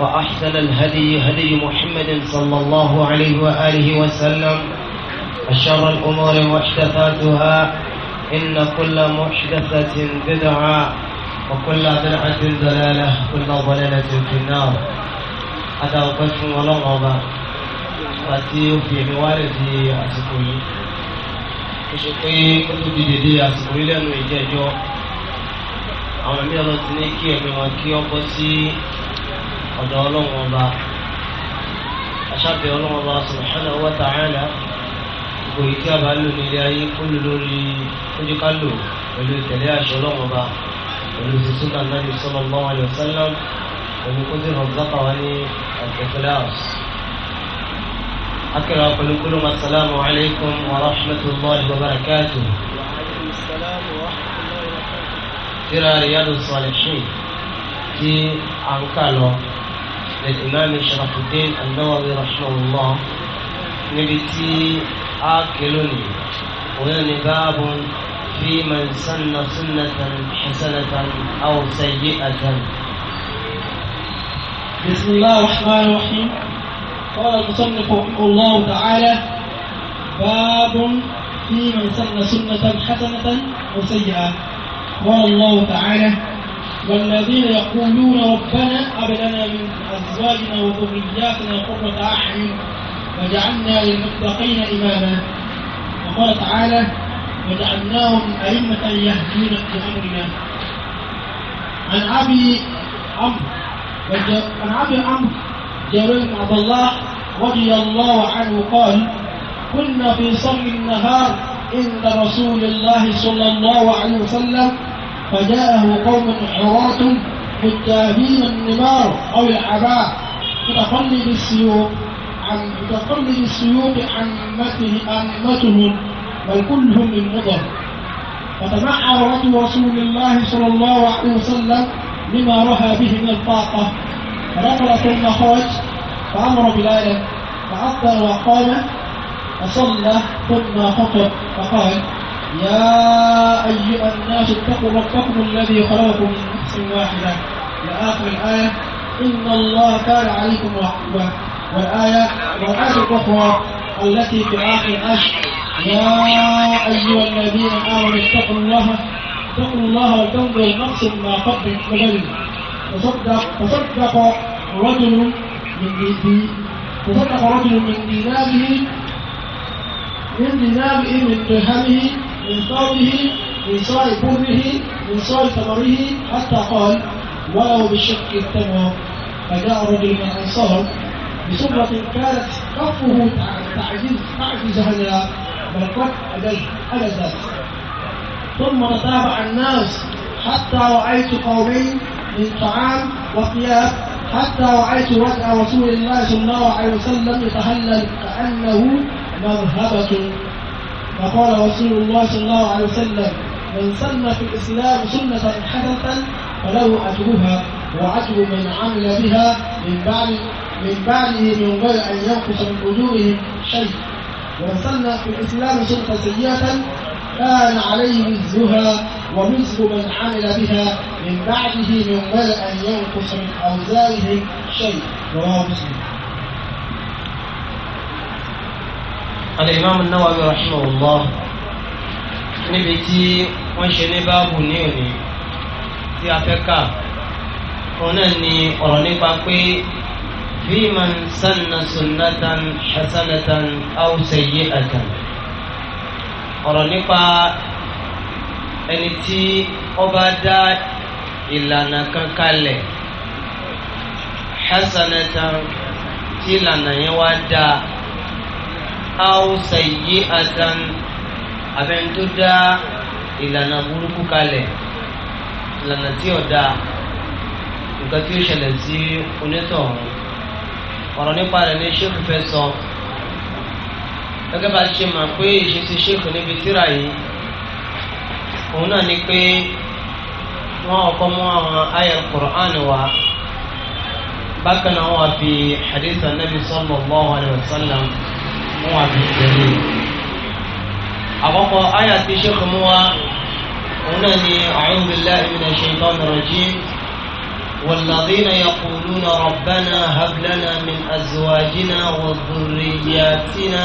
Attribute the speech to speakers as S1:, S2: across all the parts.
S1: وأحسن الهدي هدي محمد صلى الله عليه وآله وسلم وشر الأمور محدثاتها إن كل محدثة بدعة وكل بدعة ضلالة كل ضلالة في النار هذا وقف ولغبة àti òfin mi wá lè di àsìkò yìí ó ṣe pé ó tó di dèdè àsìkò ọ̀dọ̀ ọlọ́run ọba aṣáàbẹ̀ ọlọ́run ọba subhanahu wa ta'ala gbogbo yìí tí a bá lò nílé ayé kó lò lórí ojú ká lò pẹ̀lú ìtẹ̀lé àṣẹ ọlọ́run ọba pẹ̀lú sísúnà nàbì sallallahu alaihi wasallam pẹ̀lú kóńtì rọ̀bùsákà wa ní ọ̀gbẹ́fẹ́láàs. akẹ́rọ pẹ̀lú kúlùmọ̀ assalamu alaikum wa rahmatullahi wa barakatuh. tíra Riyadus Salihin tí a ń kà lọ. للإمام شرف الدين النووي رحمه الله نبتي آكلني ويعني باب في من سن سنة حسنة أو سيئة
S2: بسم الله الرحمن الرحيم قال المصنف رحمه الله تعالى باب في من سن سنة حسنة أو سيئة قال الله تعالى والذين يقولون ربنا هب لنا من أزواجنا وذرياتنا قرة أعين وجعلنا للمتقين إماما وقال تعالى وجعلناهم أئمة يهدون بأمرنا عن أبي عمرو عن أبي عمرو جابر بن عبد الله رضي الله عنه قال كنا في صوم النهار عند رسول الله صلى الله عليه وسلم فجاءه قوم حراس متاهين النمار أو العباء متقلد السيوف عن متقلد السيوف عمته عمتهم بل كلهم من مضر فتمعر رجل رسول الله صلى الله عليه وسلم لما رها به من الطاقة فدخل ثم خرج فأمر بلالا فعطل وقال فصلى ثم خطب فقال يا أيها الناس اتقوا ربكم الذي خلقكم من نفس واحدة إلى آخر الآية إن الله كان عليكم رحيما والآية والآية الأخرى التي في آخر الآية يا أيها الذين آمنوا اتقوا الله اتقوا الله وتنظر نفس ما قدمت لغد تصدق تصدق رجل من تصدق رجل من ديناره من ديناره من درهمه من قومه من صاع بره من صاع ثمره حتى قال ولو بالشق التمر فجاء رجل من الأنصار بصبرة كانت كفه تعجز تعجز هذا بل كف أبيه على ذلك ثم تتابع الناس حتى رأيت قومين من طعام وثياب حتى رأيت وجه رسول الله صلى الله عليه وسلم يتهلل كأنه مرهبة فقال رسول الله صلى الله عليه وسلم من سن في الإسلام سنة حسنة فله أجرها وعجب من عمل بها من بعد من بعده من غير أن ينقص من أجورهم شيء ومن سن في الإسلام سنة سيئة كان عليه مثلها ومثل من عمل بها من بعده من غير أن ينقص من أوزارهم شيء رواه مسلم
S1: Al-Imam An-Nawawi rahimahullah níbi tí wọ́n ṣe ní báàbù ní òní tí a fẹ́ kà òun náà ni ọ̀rọ̀ nípa pé fi man sanna sunnatan hasanatan aw sayyi'atan ọ̀rọ̀ nípa ẹni tí ó dá ìlànà kan kalẹ̀ hasanatan tí ìlànà yẹn wá dáa aw sayyi'atan abẹ́ni tó dá ìlànà burúkú kalẹ̀ ìlànà tí ò dáa nǹkan tí ó ṣẹlẹ̀ sí onítọ̀hún ọ̀rọ̀ nípa rẹ̀ ní ṣéèkù fẹ́ sọ gẹ́gẹ́ bá ṣe mọ̀ pé ìṣesí ṣéèkù níbi tíra yìí òun náà ni pé wọ́n ọkọ̀ mú àwọn ayẹ̀ Qur'an wa bákan náà wọ́n fi hadith anabi sallallahu alaihi wasallam wọn wà ní ìdẹ́lẹ̀ àkọ́kọ́ àyà tí ṣe fún wa òun náà ni a'udhu billahi minash shaytanir rajim والذين يقولون ربنا هب لنا من أزواجنا وذرياتنا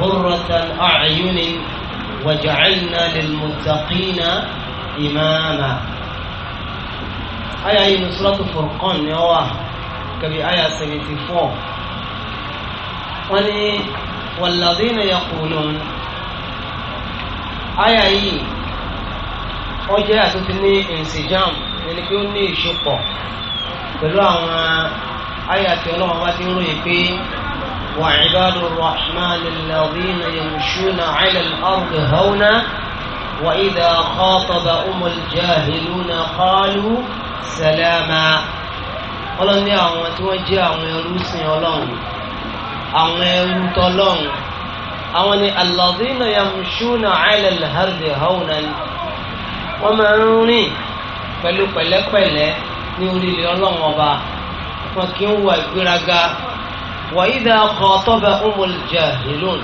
S1: قرة أعين وجعلنا للمتقين إماما آية نصرة فرقان يوا كبي آية 74 wọ́n ní walladhina yaqulun àyà yìí ó jẹ́ àtúntí ní ìǹsìjàm ẹni pé ó ní ìṣùpọ̀ pẹ̀lú àwọn àyà tí ọlọ́wọ́n bá ti ń ròyìn pé wa ibadur rahmanil ladhina yamshuna 'ala al-ardi hawna wa idha khatabahumul jahiluna qalu salama ọlọ́ni àwọn tí wọ́n jẹ́ àwọn ẹrú sìn ọlọ́run àwọn ẹrú tọ́lọ́run àwọn ni alladhina yamshuna ala al-ardi hawnan wọ́n máa ń rìn pẹ̀lú pẹ̀lẹ́pẹ̀lẹ́ ní orílẹ̀ ọlọ́run ọba wọn kì í wà ìgbéraga wa idha khatabahumul jahilun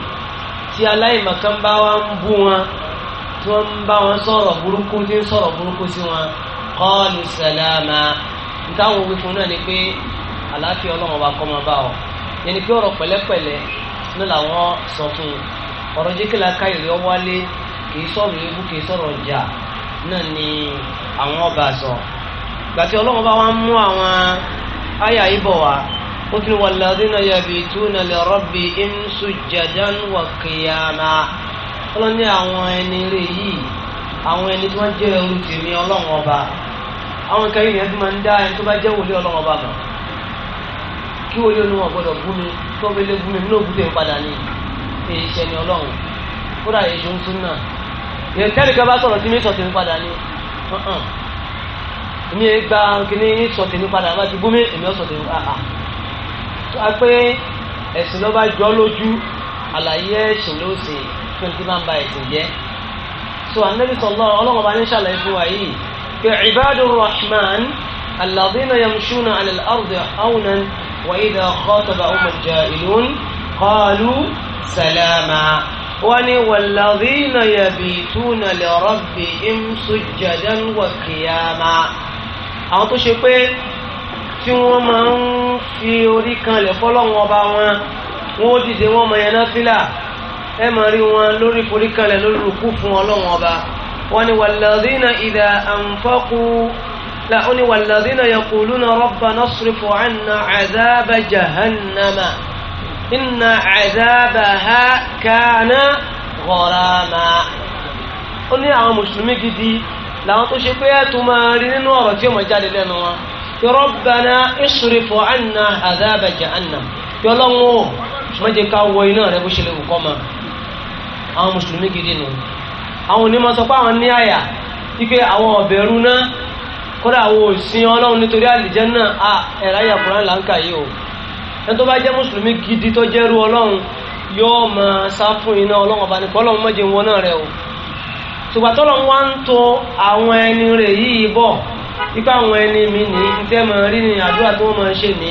S1: tí aláìmọ̀kan bá wá ń bú wọn tí wọ́n ń bá wọn sọ̀rọ̀ burúkú tí sọ̀rọ̀ burúkú sí wọn qalu salama nítawọn wípé fún náà ni pé àlàáfíà ọlọ́run ọba kọ́ máa bá ọ. yẹn ni pé ọ̀rọ̀ pẹ̀lẹ́pẹ̀lẹ́ ló làwọn sọ fún un ọ̀rọ̀ jẹ́ kí la ká ìrẹ́ wálé kì í sọ̀rọ̀ ebú kì í sọ̀rọ̀ ọjà náà ni àwọn ọba sọ gbàtí ọlọ́run bá wá ń mú àwọn àyà ibọ̀ wá ó tún walladhina yabituna li rabbihim sujjadan wa qiyama ọlọ́run ní àwọn ẹni yìí àwọn ẹni tí wọ́n jẹ́ tèmi ọlọ́run ọba àwọn yẹn tó máa ń dá kí wọ́n yóò ní wọn gbọ́dọ̀ bú mi tó ń bẹ́lẹ́ bú mi nínú òkúté ń padà ní èyí ṣe ni ọlọ́run kódà èyí ṣe ń sún náà yẹn tẹ́lẹ̀ bá sọ̀rọ̀ sí mi sọ tèmi padà ní mi ì gba kíní sọ tèmi padà bá ti bú mi èmi ò sọ tèmi padà tó a pé ẹ̀sìn ló bá jọ lójú àlàyé ẹ̀sìn ló ṣe fún ẹni máa ba ẹ̀sìn jẹ́ so anabi sọlọ ọlọ́run ní ṣàlàyé fún wa yìí kẹ ibadu rahman الذين يمشون على الأرض حونا وإذا خاطبهم الجاهلون قالوا سلاما وني والذين يبيتون لربهم سجدا وقياما àwọn tó ṣe pé tí wọ́n máa ń fi orí kanlẹ̀ fọ́lọ́wọ́n ọba wọn wọ́n ó dìde wọ́n mọ yẹn náfìlà ẹ máa rí wọn lórí forí kanlẹ̀ lórí rúkú fún ọlọ́wọ́n ọba wọ́n ní wàlẹ́dínà ìdá àǹfọ́kù لأني والذين يقولون ربنا اصرف عنا عذاب جهنم إن عذابها كان غراما ó ní àwọn mùsùlùmí gidi làwọn tó ṣe pé ẹ̀tù máa rí nínú ọ̀rọ̀ tí ó mọ̀ jáde lẹ́nu wa kí Rabbana isrif anna azaba jahannam kí ọlọ́run ó mẹ́jẹ ká wọ iná rẹ bó ṣe lè kọ́ ma àwọn mùsùlùmí gidi nù àwọn onímọ̀ sọ pé àwọn ní àyà wípé àwọn ọ̀bẹ̀rù náà kódà àwọn òsìn ọlọ́run nítorí àlìjẹ́nà a ẹ̀rá yàkùnrán láǹkà yìí o ẹni tó bá jẹ́ mùsùlùmí gidi tó jẹ́rú ọlọ́run yóò máa sá fún iná ọlọ́run ọba nìkan ọlọ́run mọ́jẹ wọn náà rẹ o ṣùgbọ́n tọ́lọ́run wá ń to àwọn ẹni rẹ̀ yìí bọ̀ ipa àwọn ẹni mi ní tẹ́ máa rí ní àdúrà tó wọ́n máa ṣe ní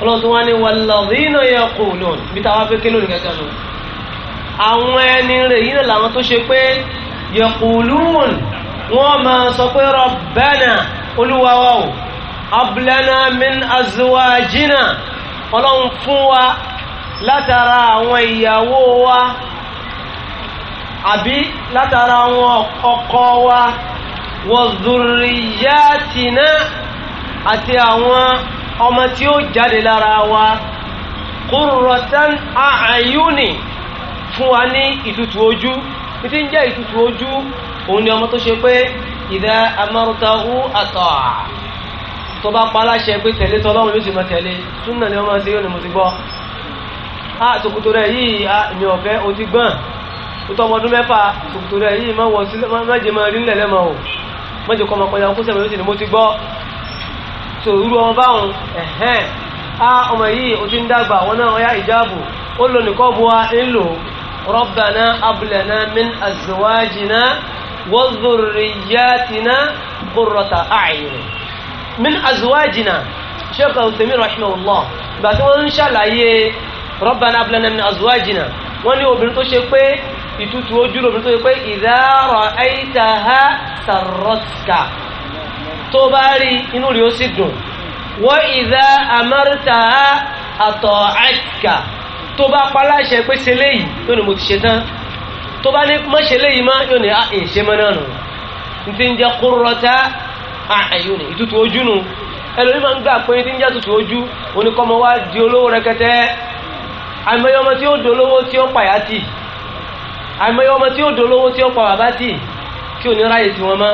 S1: ọlọ́run tó wá ní walladhina wọ́n máa sọ pé rabbana olúwawa o ablana min azwajina ọlọ́run fún wa látara àwọn ìyàwó wa àbí látara àwọn ọkọ wa wa dhurriyatina àti àwọn ọmọ tí ó jáde lára wa qurratan a'yuni fún wa ní ìtutù ojú títí ń jẹ́ ìtutù ojú òun ni ọmọ tó ṣe pé ìdá amárútawú àtọ̀ tó bá pa aláṣẹ pé tẹ̀lé tọ́lọ́run ló sì mọ tẹ̀lé súnà ni wọ́n máa ń ṣe yóò ní mo ti gbọ́ a tòkòtò rẹ̀ yìí mi ò fẹ́ o ti gbọ́n o tọ́ ọmọ ọdún mẹ́fà tòkòtò rẹ̀ yìí má wọ sílẹ̀ má jẹ́ máa rí nílẹ̀ lẹ́mọ̀ o má jẹ́ kọ́ ọmọ pẹ̀lú ọkọ̀ sẹ́mi ló sì ní mo ti gbọ́ so irú ọmọ báwọn ẹ̀hẹ́n a ọmọ yìí o ti ń dàgbà wọn náà ọya ìjáàbù ó lò nìkọ́ bu wa ń lò ربنا هب لنا من أزواجنا وذرياتنا قرة أعين من أزواجنا شيخ الثمين رحمه الله بعد إن شاء الله ربنا هب لنا من أزواجنا wọ́n ní obìnrin tó ṣe pé ìtutù ojú obìnrin tó ṣe pé ìdárọ̀ àìtàhà sàrọ́sìkà tó bá rí inú rí ó sì dùn wọ́n ìdá àmọ́rìtàhà àtọ̀ àìkà tó bá paláṣẹ pé ṣe léyìí yóò ní mo ti ṣe tán tó bá ní mọ́ ṣe léyìí mọ́ yóò ní à ah, ń ṣe mọ́ náà nù n ti ń jẹ́ kúrọ́tà àyò ah, ní ìtutù ojú nù ẹlòmí máa ń gbà pé ti ń jẹ́ tutù ojú oníkọ́mọ wa di olówó rẹkẹtẹ àìmọye ọmọ tí ó dolówó tí ó pàyà tì àìmọye ọmọ tí ó dolówó tí ó pa bàbá tì kí ò ní ráyè tí wọn mọ́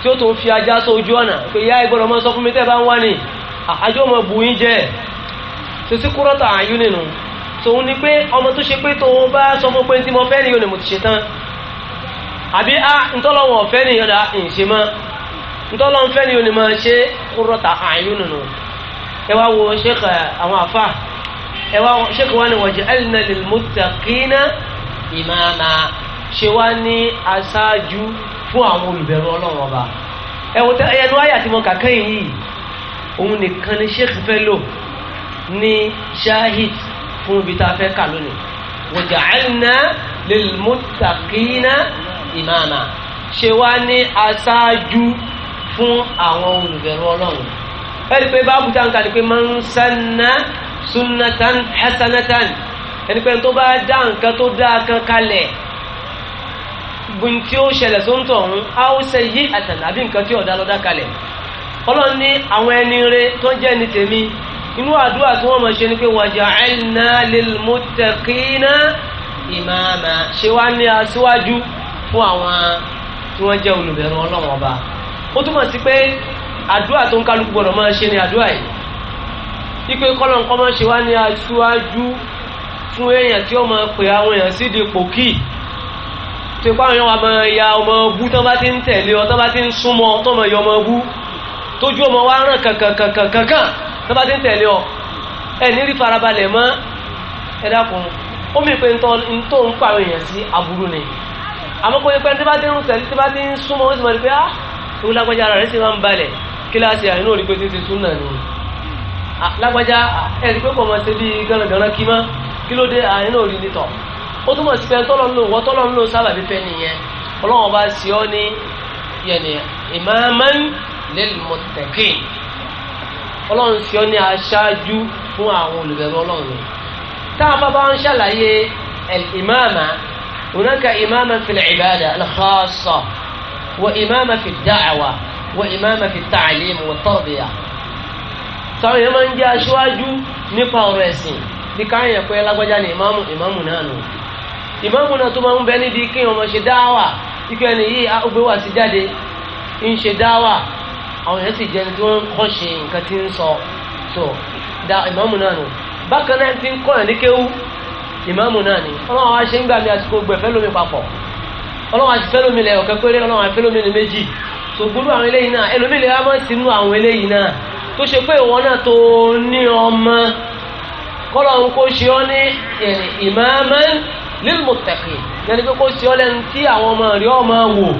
S1: tí ó tún fi ajá sọ ojú ọ̀nà pé ìyá ìgbọ́dọ̀ mọ́ sọ fún mi tẹ́ bá ń wá ní àjọ ah, ọmọ bùn jẹ́ ṣe kúrọ́tà àyún tòun ni pé ọmọ tó ṣe pé tòun bá sọ fún pé tí mo fẹ́ ni yóò ní mo ti ṣe tán àbí a ntọ́lọ́wọ̀n ọ̀fẹ́ ni yọ̀dà ìṣe mọ́ ntọ́lọ́wọ̀n fẹ́ ni yóò ní ṣe àyún nùnú ẹ wo sheikh àwọn afa ẹ wá sheikh ṣe wá ní aṣáájú fún àwọn olùbẹ̀rù ọba tẹ ayé àti ni fẹ́ lò shahid fún ibi tá a fẹ́ kà lónìí wa ja'alna lil muttaqina imama ṣe wá ní aṣáájú fún àwọn olùbẹ̀rù ọlọ́run ẹni pé báàbù tá n kà ní pé man sanna sunnatan hasanatan ẹni pé tó bá dá nǹkan tó dá kan kalẹ̀ gbin tí ó ṣẹlẹ̀ tó ń tọ̀ ọ̀hún á yí àtàlà àbí nǹkan tí ọ̀dà lọ́dá kalẹ̀ ọlọ́run ní àwọn ẹni rẹ tó ń jẹ́ ẹni tèmi inú àdúrà tí wọ́n mọ̀ ṣe ni pé waja'alna lilmuttaqina imama ṣé wá ní aṣíwájú fún àwọn tí wọ́n jẹ́ olùbẹ̀rù ọlọ́wọ́n ọba ó túmọ̀ sí pé àdúrà tó ń kálukú gbọ́dọ̀ máa ṣe ni àdúrà yìí ipe kọ́lọ̀ nǹkan máa ṣe wá ní aṣíwájú fún èèyàn tí ó máa pè àwọn èèyàn sí pòkì tó ipá àwọn èèyàn wa ya ọmọ ọbú tó bá ti ń tẹ̀lé ọ tó bá ti ń súnmọ́ tó máa yọ ọmọ ọbú tójú ọmọ wa ràn kankankankankan tó bá ti ń tẹ̀lé ọ ẹ nírí farabalẹ̀ mọ́ ẹ dákun ó mi pé ntọ́ ntọ́ ń pààrọ̀ èèyàn sí aburú ni àmọ́ kò yẹ pé tí bá ti ń tẹ̀lé tí bá ti ń súnmọ́ ó sì mọ̀ ní pé ah ìwọ lágbájá ara rẹ̀ sì máa ń balẹ̀ kíláàsì àìní òrí pé ti ti súnà ni lágbájá ẹ̀rí pé kò mọ̀ ṣe bíi gánagànà kí mọ́ kí ló dé àìní òrí nítọ̀ ó túmọ̀ sí pé tọ́lọ́nù lilmuttaqin ọlọ́run fi ọ́ ní aṣáájú fún àwọn olùbẹ̀rù ọlọ́run tá a bá bá ń ṣàlàyé al-imama hunaka imama fil ibada al-khassa wa imama fi da'wa wa imama fi ta'lim wa tarbiya táwọn yẹn máa ń jẹ́ aṣáájú nípa ọ̀rọ̀ ẹ̀sìn bí káyọ̀ pé lágbájá ni ìmáàmù ìmáàmù náà nù ìmáàmù náà tó máa ń bẹ níbi kí ọmọ ṣe dáwà ikú ẹni yìí ó gbé jáde ń ṣe dáwà àwọn èèyàn sì jẹ́ ẹni tí wọ́n ń ṣe nǹkan tí ń sọ so da ìmáàmù náà nù bákan náà ti ń kọ́ ẹ̀ ní kéwú ìmáàmù náà ni ọlọ́run wa ṣe ń gbà mí àsìkò gbẹ̀fẹ́ lómi papọ̀ ọlọ́run àti fẹ́ lómi lẹ̀ ọ̀kẹ́ péré ọlọ́run àti fẹ́ lómi lẹ̀ méjì so gbúdú àwọn eléyìí náà ẹlòmíì lè wá mọ́ sínú àwọn eléyìí náà tó ṣe pé ìwọ náà tó ní ọmọ kọ́lọ́run kó ṣe ọ́ ní ìmáàmù lílmùtẹ̀kì yẹn ni pé kó ṣe ọ́ lẹ́nu tí àwọn ọmọ rẹ̀ ọmọ wò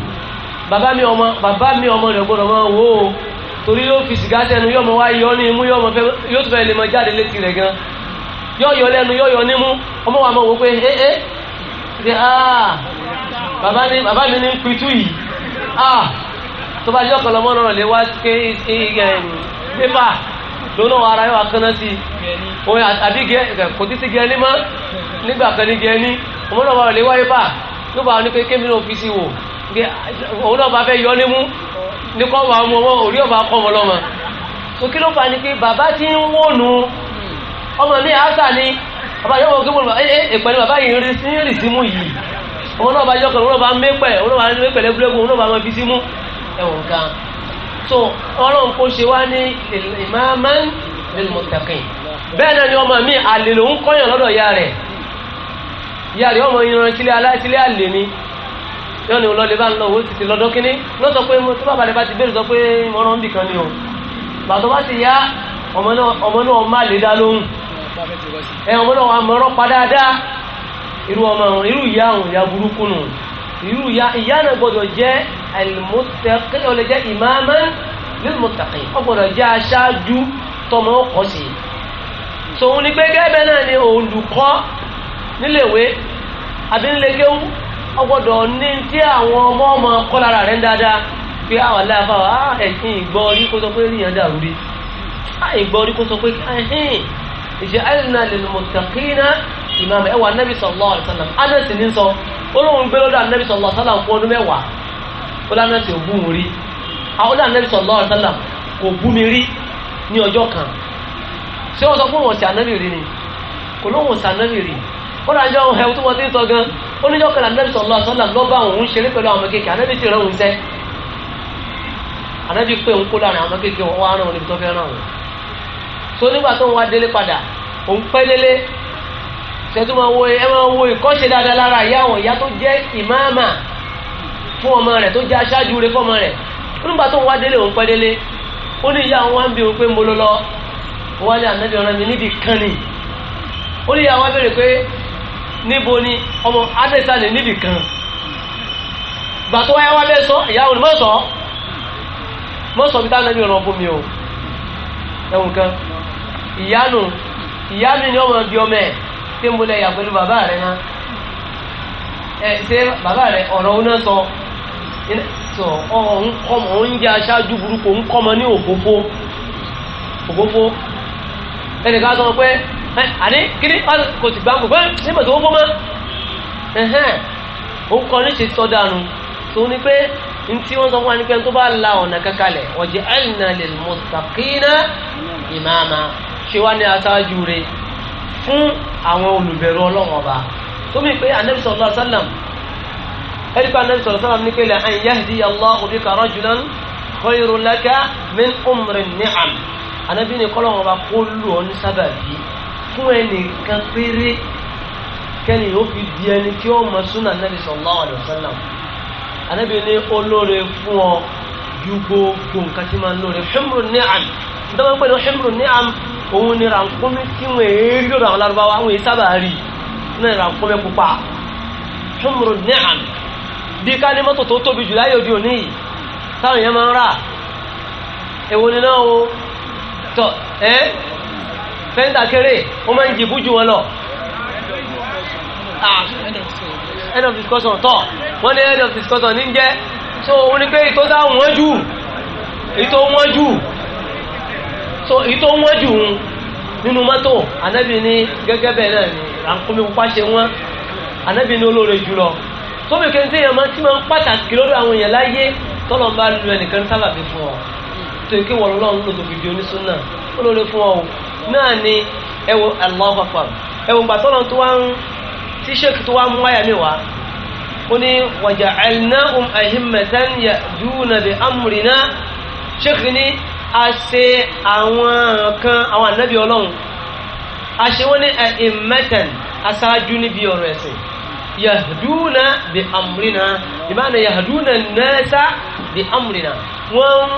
S1: bàbá mi ọmọ bàbá mi ọmọ rẹ̀ gbọ́dọ̀ máa wò ó torí yóò fi sìgá tẹnu yóò mọ wá yọ ní imú yóò tún fẹ́ lè mọ jáde létí rẹ̀ gan yóò yọ lẹ́nu yóò yọ nímú ọmọ wa mọ̀ wò pé ẹ ṣe ah bàbá mi bàbá mi ní pitú yìí ah tó bá yọkàn lọ́mọ náà lè wá ké pépà lónà ara yóò wá kánná sí i àbí kò tí sí gẹ́ni mọ́ nígbà kan ní gẹ́ni ọmọ náà wà lè wá pépà yóò bá wọn ní kékeré mi náà fi sí wò bí òun náà bá fẹ́ yọ ní mú ní kọ́ wà mú ọmọ orí ọba kọ́ ọmọ lọ́mọ tó kí ló fà ní pé bàbá ti ń wọ́nu ọmọ mi àṣà ni bàbá yọ wọ́n kí wọ́n ẹ ẹ pẹ̀lú bàbá yìí rí sí rí símú yìí ọmọ náà bá yọ kọ̀ ọmọ náà bá mẹ́pẹ̀ ọmọ náà bá mẹ́pẹ̀ lẹ́gbẹ̀lẹ́gbẹ̀ ọmọ náà bá mọ ibi símú ẹ̀wọ̀n gan so ọlọ́run kò ṣe wá ní ìmáàmán lil muttaqin bẹ́ẹ̀ náà ni ọmọ mi àlè lòún kọ́yàn lọ́dọ̀ ìyá rẹ̀ ìyá rẹ̀ ọmọ ìran yóò ní olóòlẹ̀ bá ń lọ owó títí lọ́dún kínní ló sọ pé mo tí bàbá rẹ̀ bá ti bẹ̀rẹ̀ sọ pé mo rán bìkan ni o bàtọ́ bá ti yá ọmọ náà má lè dá lóhùn ẹ ọmọ náà wàá mọ̀rọ̀ pa dáadáa irú ọmọ àwọn irú ìyá àwọn ìyá burúkú nù irú ìyá ìyá náà gbọdọ̀ jẹ́ al-muttaqi jẹ́ imaman lil-muttaqi gbọdọ̀ jẹ́ aṣáájú tọmọ ọkọ̀ ni pé gẹ́gẹ́ náà ọgbọ́dọ̀ ní tí àwọn ọmọ ọmọ kọ́ lára rẹ̀ dáadáa pé àwọn aláàfà ẹ̀sìn ìgbọ́ orí kó sọ pé ríyàn dàrú rí ah, orí kó sọ pé ẹ̀hìn ìṣe àìlànà lèlùmọ̀tàkínà ìmàmù ẹwà nẹ́bí alaihi wasallam ní sọ olóhùn gbé alaihi fún ọdún mi rí àwọn ọdún alaihi kò mi rí kan ṣé sọ ni kò lóhùn kọ́ra jọ ohun ẹ̀wọ̀n tó wọ́n ti ń sọ gan oníjọ́ kan ànábì sallallahu alaihi wasallam lọ́ba òun ṣeré pẹ̀lú àwọn kéèké ànábì ti rán òun sẹ́ ànábì pé òun kó láàrin àwọn kéèké wọn wá rán òun níbi tó fẹ́ òun so nígbà tó ń wá délé padà òun pẹ́ délé ṣètò máa wo ẹ máa wo ìkọ́ṣe dáadáa lára ìyá àwọn ìyá tó jẹ́ ìmáàmà fún ọmọ rẹ̀ tó jẹ́ aṣáájú rẹ̀ fún ọmọ rẹ̀ nígbà tó ń wá délé òun pẹ́ délé ó ní ìyá àwọn bí òun pé mo lọ lọ wọ́n á ní ànábì níbo ni ọmọ nibi kan gbà tó wáyé wá sọ ìyá òní mọ́ sọ mọ́ sọ bí táwọn ẹbí o ẹ̀wùn kan ìyá nù ìyá mi ni ọmọ bí ọmọ ẹ̀ tí mo lẹ yà pẹ̀lú bàbá rẹ̀ náà bàbá sọ sọ ọ̀hún kọ́mọ òun jẹ́ aṣáájú burúkú òun kọ́mọ ní òfófó òfófó ẹnìkan sọ àní kíní kò sì gbàgbọ́ bẹ́ẹ̀ nígbà tó wọ́n mọ́ ó ń kọ́ ní ṣe sọ́dánù tó ní pé ntí wọ́n sọ fún wa ní pé tó bá la ọ̀nà kankalẹ̀ waj'alna lil muttaqina imama ṣé wá ní aṣáájú rẹ̀ fún àwọn olùbẹ̀rù ọlọ́wọ́n ọba tó mi pé anabi sallallahu alaihi wasallam ẹni pé anabi sallallahu alaihi wasallam ní pé an yahdiya fún ẹnìkan péré kẹ́ni ó fi di ẹni tí ó mọ súnà nàbì sallallahu alaihi wasallam anábì ní olóore fún ọ ju gbogbo nǹkan tí máa ń lóore himru ni'am dọ́gba pẹ̀lú himru ni'am òun ni rànkúnmí tí wọ́n èérí lọ́dọ̀ àwọn lárúbáwá àwọn èyí sábà rí náà rànkúnmí pupa himru ni'am bí ká ní mọ́tò tó tóbi jù láyé òde òní yìí táwọn èèyàn máa ń rà èwo ni náà o tọ ẹ́ fẹ́ńtà kéré wọ́n máa ń jì bújú wọn lọ. Ah, ah, end of discussion tọ̀ wọ́n ní end of discussion ní jẹ́ so wọ́n ní pé ètò tá wọ́n jù ètò wọ́n jù so ètò wọ́n jù nínú mọ́tò ànábì ní gẹ́gẹ́ bẹ́ẹ̀ náà ni àkómi pupa ṣe wọ́n ànábì ní olóore jùlọ tóbi kẹ́ńtì yẹn máa ń pàtàkì lórí àwọn èèyàn láyé tọ́lọ́ bá lu ẹnìkan sábàbí fún ọ tó ike wọn lọ́n lò tó fi di onísúnà ó lóore fún ọ náà ni ẹ wo Allahu Akbar ẹ wo gbàtọ́ lọ́n tó wá ń tí sèkì tó wá mú wáyà mi wá ó ní waja'alnahum a'immatan ya'duna bi amrina sèkì ní a ṣe àwọn kan àwọn ànábì ọlọ́run a ṣe wọ́n ní a'immatan aṣáájú níbi ọ̀rọ̀ ẹ̀sìn yahdúnà bí amúrínà ìbáná yahdúnà nẹ́sà bí amúrínà wọ́n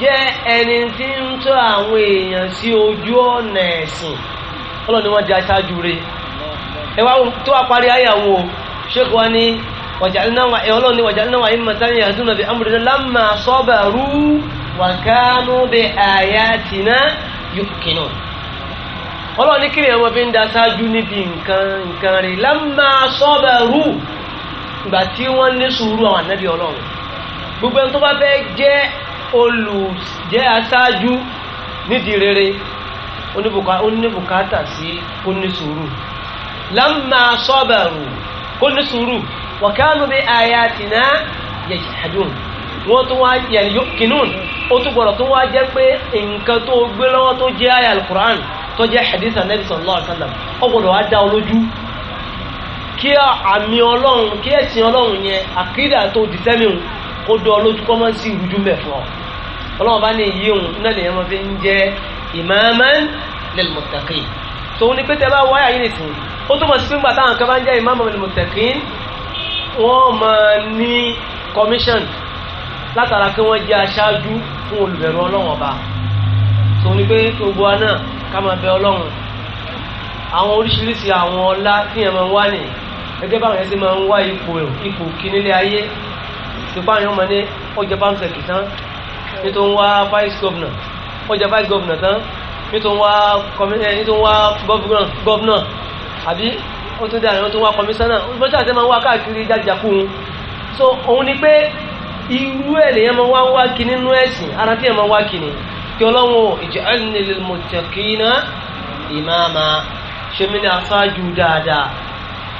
S1: jẹ́ ẹni tí ń tọ́ àwọn èèyàn sí ojú ọ̀nà ẹ̀sìn ọlọ́ni wọ́n di aṣáájú rẹ̀ ẹwà tó wà parí ayàwó ṣékò wá ní ọlọ́ni wàjálínà wà ìmọ̀ tán yahdúnà bí amúrínà lámà sọ́bàrú wà bí àyàtìná yóò ọlọ́run ní kí ni àwọn fi ń da ṣáájú níbi nǹkan nǹkan rẹ̀ lámà sọ́bẹ̀rù ìgbà tí wọ́n ní sùúrù àwọn ànábì ọlọ́run gbogbo ẹni tó bá fẹ́ jẹ́ olùjẹ́ aṣáájú nídìí rere oníbùkátà sí kó ní sùúrù lámà sọ́bẹ̀rù kó ní sùúrù wàkánú bí ayatina yajhadun wọ́n tún wá yẹ̀lì yókìnnún ó tún gbọ́dọ̀ tún wá jẹ́ pé nǹkan tó gbé lọ́wọ́ tó jẹ́ àyà alukur'an tó jẹ́ hadith anabi sallallahu alayhi wa sallam ó gbọ́dọ̀ wá dá kí àmì ọlọ́run kí ẹ̀sìn ọlọ́run yẹn àkídà tó dìtẹ́mìn kó dọ́ ọ kọ́ máa ń sí ìrújú mẹ́ fún ọ ọlọ́run bá ní èyí òun náà lèyàn máa fi ń jẹ́ imaman lil muttaqin tòun ni bá wáyà yìí nìsín ó túmọ̀ sí pípa táwọn kan bá ń jẹ́ imaman lil wọ́n máa ní commission látara kí wọ́n jẹ́ aṣáájú fún olùbẹ̀rù ọlọ́run ọba tòun ni pé gbogbo wa náà Kama máa bẹ ọlọ́run àwọn oríṣiríṣi àwọn ọlá tí yẹn máa ń wá nì gẹ́gẹ́ báwọn yẹn ti máa wá ipò ipò kínílé ayé ṣùgbọ́n àwọn ọmọ ní ọjà pàǹsẹ̀kì tán nítorí wọ́n wá vice governor ọjà vice governor tán nítorí wọ́n wá eh, governor àbí ó tún dé àwọn tó wá kọmíṣánná bọ́sẹ̀ àti máa wá káàkiri jájàkú un so òun ni pé irú ẹ̀ lèyàn máa wá wá kí nínú ara tí yẹn máa wá kí ni. kí ọlọ́run ij'alni lil muttaqina imama ṣe mí ní aṣáájú dáadáa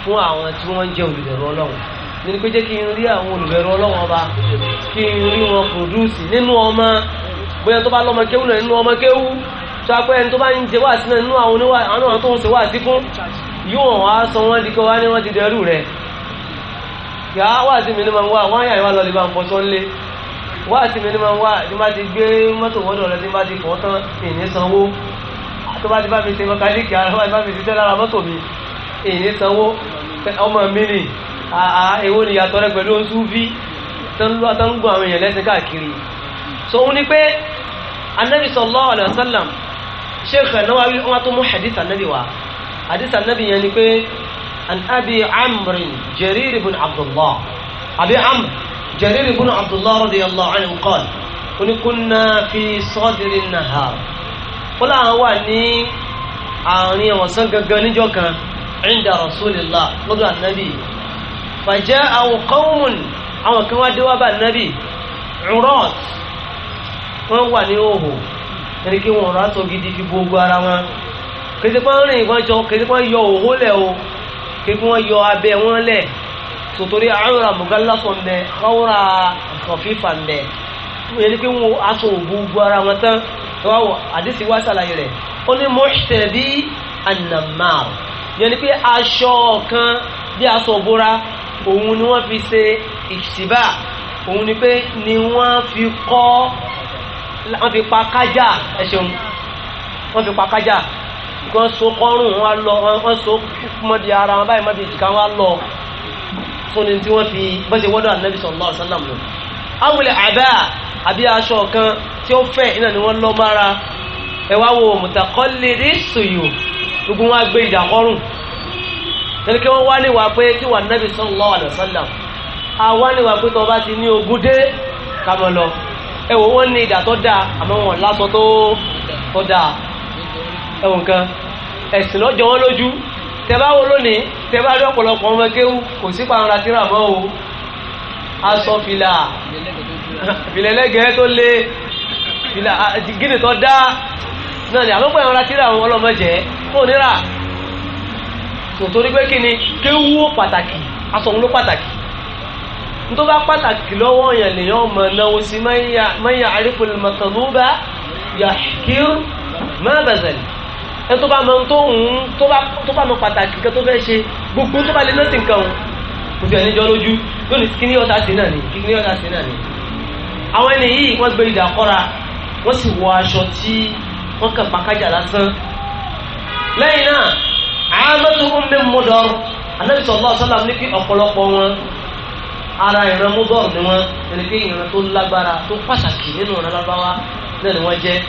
S1: fún àwọn tí wọ́n ń jẹ́ olùbẹ̀rù ọlọ́run ní pé jẹ́ kí n rí àwọn olùbẹ̀rù ọlọ́run ọba kí n rí wọn pòdúùsì nínú ọmọ bóyá tó bá lọ́mọ kéwú náà nínú ọmọ kéwú tó apẹ́ ẹni tó bá ń jẹ wá sí náà nínú àwọn oníwà àwọn tó ń ṣe wá sí fún wá sọ wọ́n wá àti mi ni máa wá tí máa ti gbé mọ́tò wọ́dọ̀ rẹ tí máa ti fọ́ tán ìní sanwó tó bá ti bá mi ṣe mẹkáníìkì ara bá ti bá mi ṣiṣẹ́ lára mọ́tò mi ìní sanwó ọmọ mi ni àà èwo ni ìyàtọ̀ rẹ pẹ̀lú oṣù bí tán gún àwọn èèyàn lẹ́sìn káàkiri so òun ni pé anabi sallallahu alayhi wa sallam sheikh nawawi wọn tó mú hadith anabi wa hadith anabi yẹn ni pé an abi amrin jarir ibn abdullah abi amr جرير بن عبد الله رضي الله عنه قال كنا في صدر النهار ولا هو أني أني وسنك عند رسول الله قدوة النبي فجاء قوم أو كما دواب النبي عراة wọ́n wà ní òhò ẹni kí wọ́n rà tó gidi fi gbogbo ara wọn kìtìpọ́n rìn ìbọn jọ kìtìpọ́n yọ òhò lẹ̀ o kìtìpọ́n yọ abẹ́ wọn lẹ̀ sotori awura mugalla sɔn bɛ xawura xɔfifa bɛ yẹni pé wọn aṣọ ògbógbó ara wọn tán wọn wọ àdìsí wá ṣàlàyé rẹ̀ ó ní mọ́ṣẹ̀bí anamar yẹni pé aṣọ kan bí aṣọ ògbóra òun ni wọ́n fi ṣe ìṣìbá òun ni pé ni wọ́n fi kọ́ wọ́n fi pa kájà ẹ ṣeun fi pa kájà wọ́n so kọ́rùn wọn lọ wọ́n so mọ́bi ara wọn báyìí mọ́bi ìjìká wọn lọ fún ni tí wọ́n fi bọ́sẹ̀ wọ́dọ̀ ànábì sallallahu alaihi wasallam lò awùlẹ̀ àbá àbí aṣọ kan tí ó fẹ̀ iná ni wọ́n lọ́ mára ẹ wá wo mùtàkọ́lédé sòyò gbogbo wọn gbé ìdàkọ́rùn tẹ́lẹ̀ kí wọ́n wá lè wá pé kí wà ànábì sallallahu alaihi wasallam àwa lè wá pé tó bá ti ní ogún dé kàmọ́ lọ tẹ́bá wo lónìí tẹ́bá rí ọ̀pọ̀lọpọ̀ ọmọ kéwú kò sí pàrọ̀lá tí ra mọ́ o aṣọ fìlà fìlẹ̀lẹ́gẹ̀ẹ́ tó lé fìlà ah, gíní tó dá náà ni àlọ́pọ̀ ẹ̀rọ tí ra àwọn ọlọ́mọjẹ́ kò níra kò torí pé kí ni kéwú pàtàkì aṣọ òun ló pàtàkì tó pàtàkì lọ́wọ́ yẹn lèyàn ọmọ náà sí mẹ́yà àrífòlùmọ̀tàn ló bá yàkír mẹ́bẹ̀zẹ̀lì ẹ tó bá mọ tó ń tó bá tó bá mọ pàtàkì kan tó fẹ́ ṣe gbogbo tó bá lè nọ́ọ̀sì nǹkan o kò sí ẹni jọ lójú lónìí kíní ọ̀tá sí náà ni kíní ọ̀tá sí náà ni. àwọn ẹni yìí wọ́n gbé ìdá kọ́ra wọ́n sì wọ aṣọ tí wọ́n kàn pàkájà lásán. lẹ́yìn náà àmọ́tò ọmọ mọ́dọ̀r Ànábì sallallahu alaihi wasallam ní kí ọ̀pọ̀lọpọ̀ wọn ara ìran mọ́dọ̀r ni wọ́n ẹni pé ìran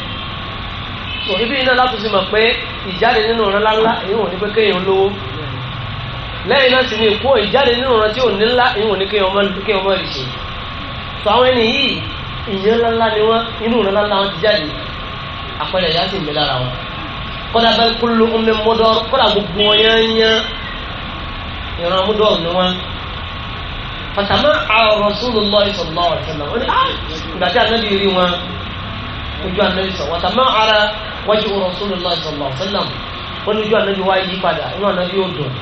S1: tó ibi iná látúnṣe mọ̀ pé ìjáde nínú ọ̀ràn ńláńlá ìwọ̀n ní pé kéèyàn lówó lẹ́yìn náà sì ni ìkó ìjáde nínú ọ̀ràn tí ò ní ńlá ìwọ̀n ní kéèyàn ọmọ kéèyàn ọmọ ìṣe tó àwọn ẹni yìí ìyẹn ńláńlá ni wọn inú ọ̀ràn ńláńlá wọn ti jáde àpẹẹrẹ ìyá sì ń bẹ lára wọn kọ́dà bẹ́ẹ̀ kúlù omi mọ́dọ́ kọ́dà gbogbo wọn yányán ìran mọ́dọ́ ni ah! wọn fàtàmọ́ àwọn Rasulullah sallallahu ojú anabi sọ wàtà má ara wájú rasulullah sallallahu alaihi wasallam wọn ní ojú anabi wá yí padà inú anabi yóò dùn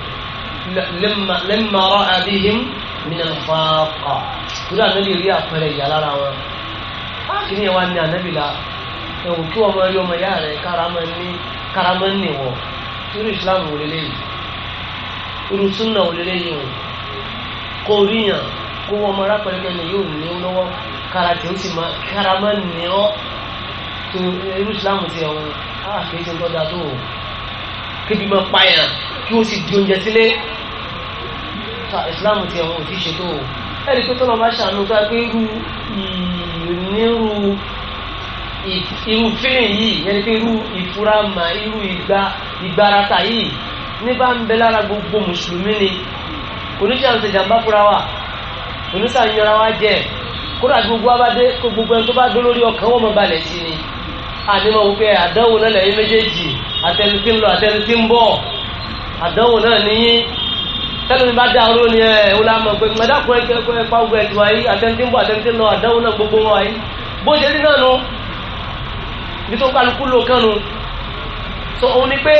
S1: lẹ́mà rọ àbíhìm mìíràn fàákà ojú anabi rí àpẹẹrẹ ìyá lára wọn kí ni wàá ní anabi la ẹ̀wọ̀n kí wọ́n rí ọmọ ìyá rẹ̀ káramẹ́ ní káramẹ́ nìwọ̀ irú islam wò lélẹ́yìí irú súnà wò lélẹ́yìí o kò ríyàn kó wọ́n máa rápẹ̀lẹ́kẹ́ ni yóò ní lọ́wọ́ kára tí sì máa kára ní ọ́ tó irú islam ti ọ̀hún á kìí ṣe tọ́jà tó o kébi máa payàn kí ó sì di oúnjẹ sílé ta islam ti ọ̀hún ò ti ṣe tó o ẹ̀rí pé tọ́lọ́ bá ṣàánú tó a pé irú ìnírú hmm, irú fílìn yìí yẹn ni pé irú ìfura mà irú ìgbà ìgbárata yìí ní bá ń bẹ lára gbogbo mùsùlùmí ni oníṣẹ́ àwọn ìṣèjàmbá fúra wa oníṣàyànra wa jẹ kódà gbogbo abadé gbogbo ẹni tó bá dó lórí ọkàn wọn mọ balẹ̀ sí ni àdéhùn wípé àdánwò náà lẹ́yìn méjèèjì àtẹni tí ń lọ àtẹni tí ń bọ̀ àdánwò náà níyí tẹ́lẹ̀mí bá dá oró ni ẹ̀ wọ́n lámọ̀ pé mẹ́dàkùn ẹ̀ kẹ́kọ́ ẹ̀ pàwọ́ ẹ̀ tiwa yìí àtẹni tí ń bọ̀ àtẹni tí ń lọ àdánwò náà gbogbo wọn yìí bó ṣe rí náà nu ibi tó ń lò kán nu so òun ni pé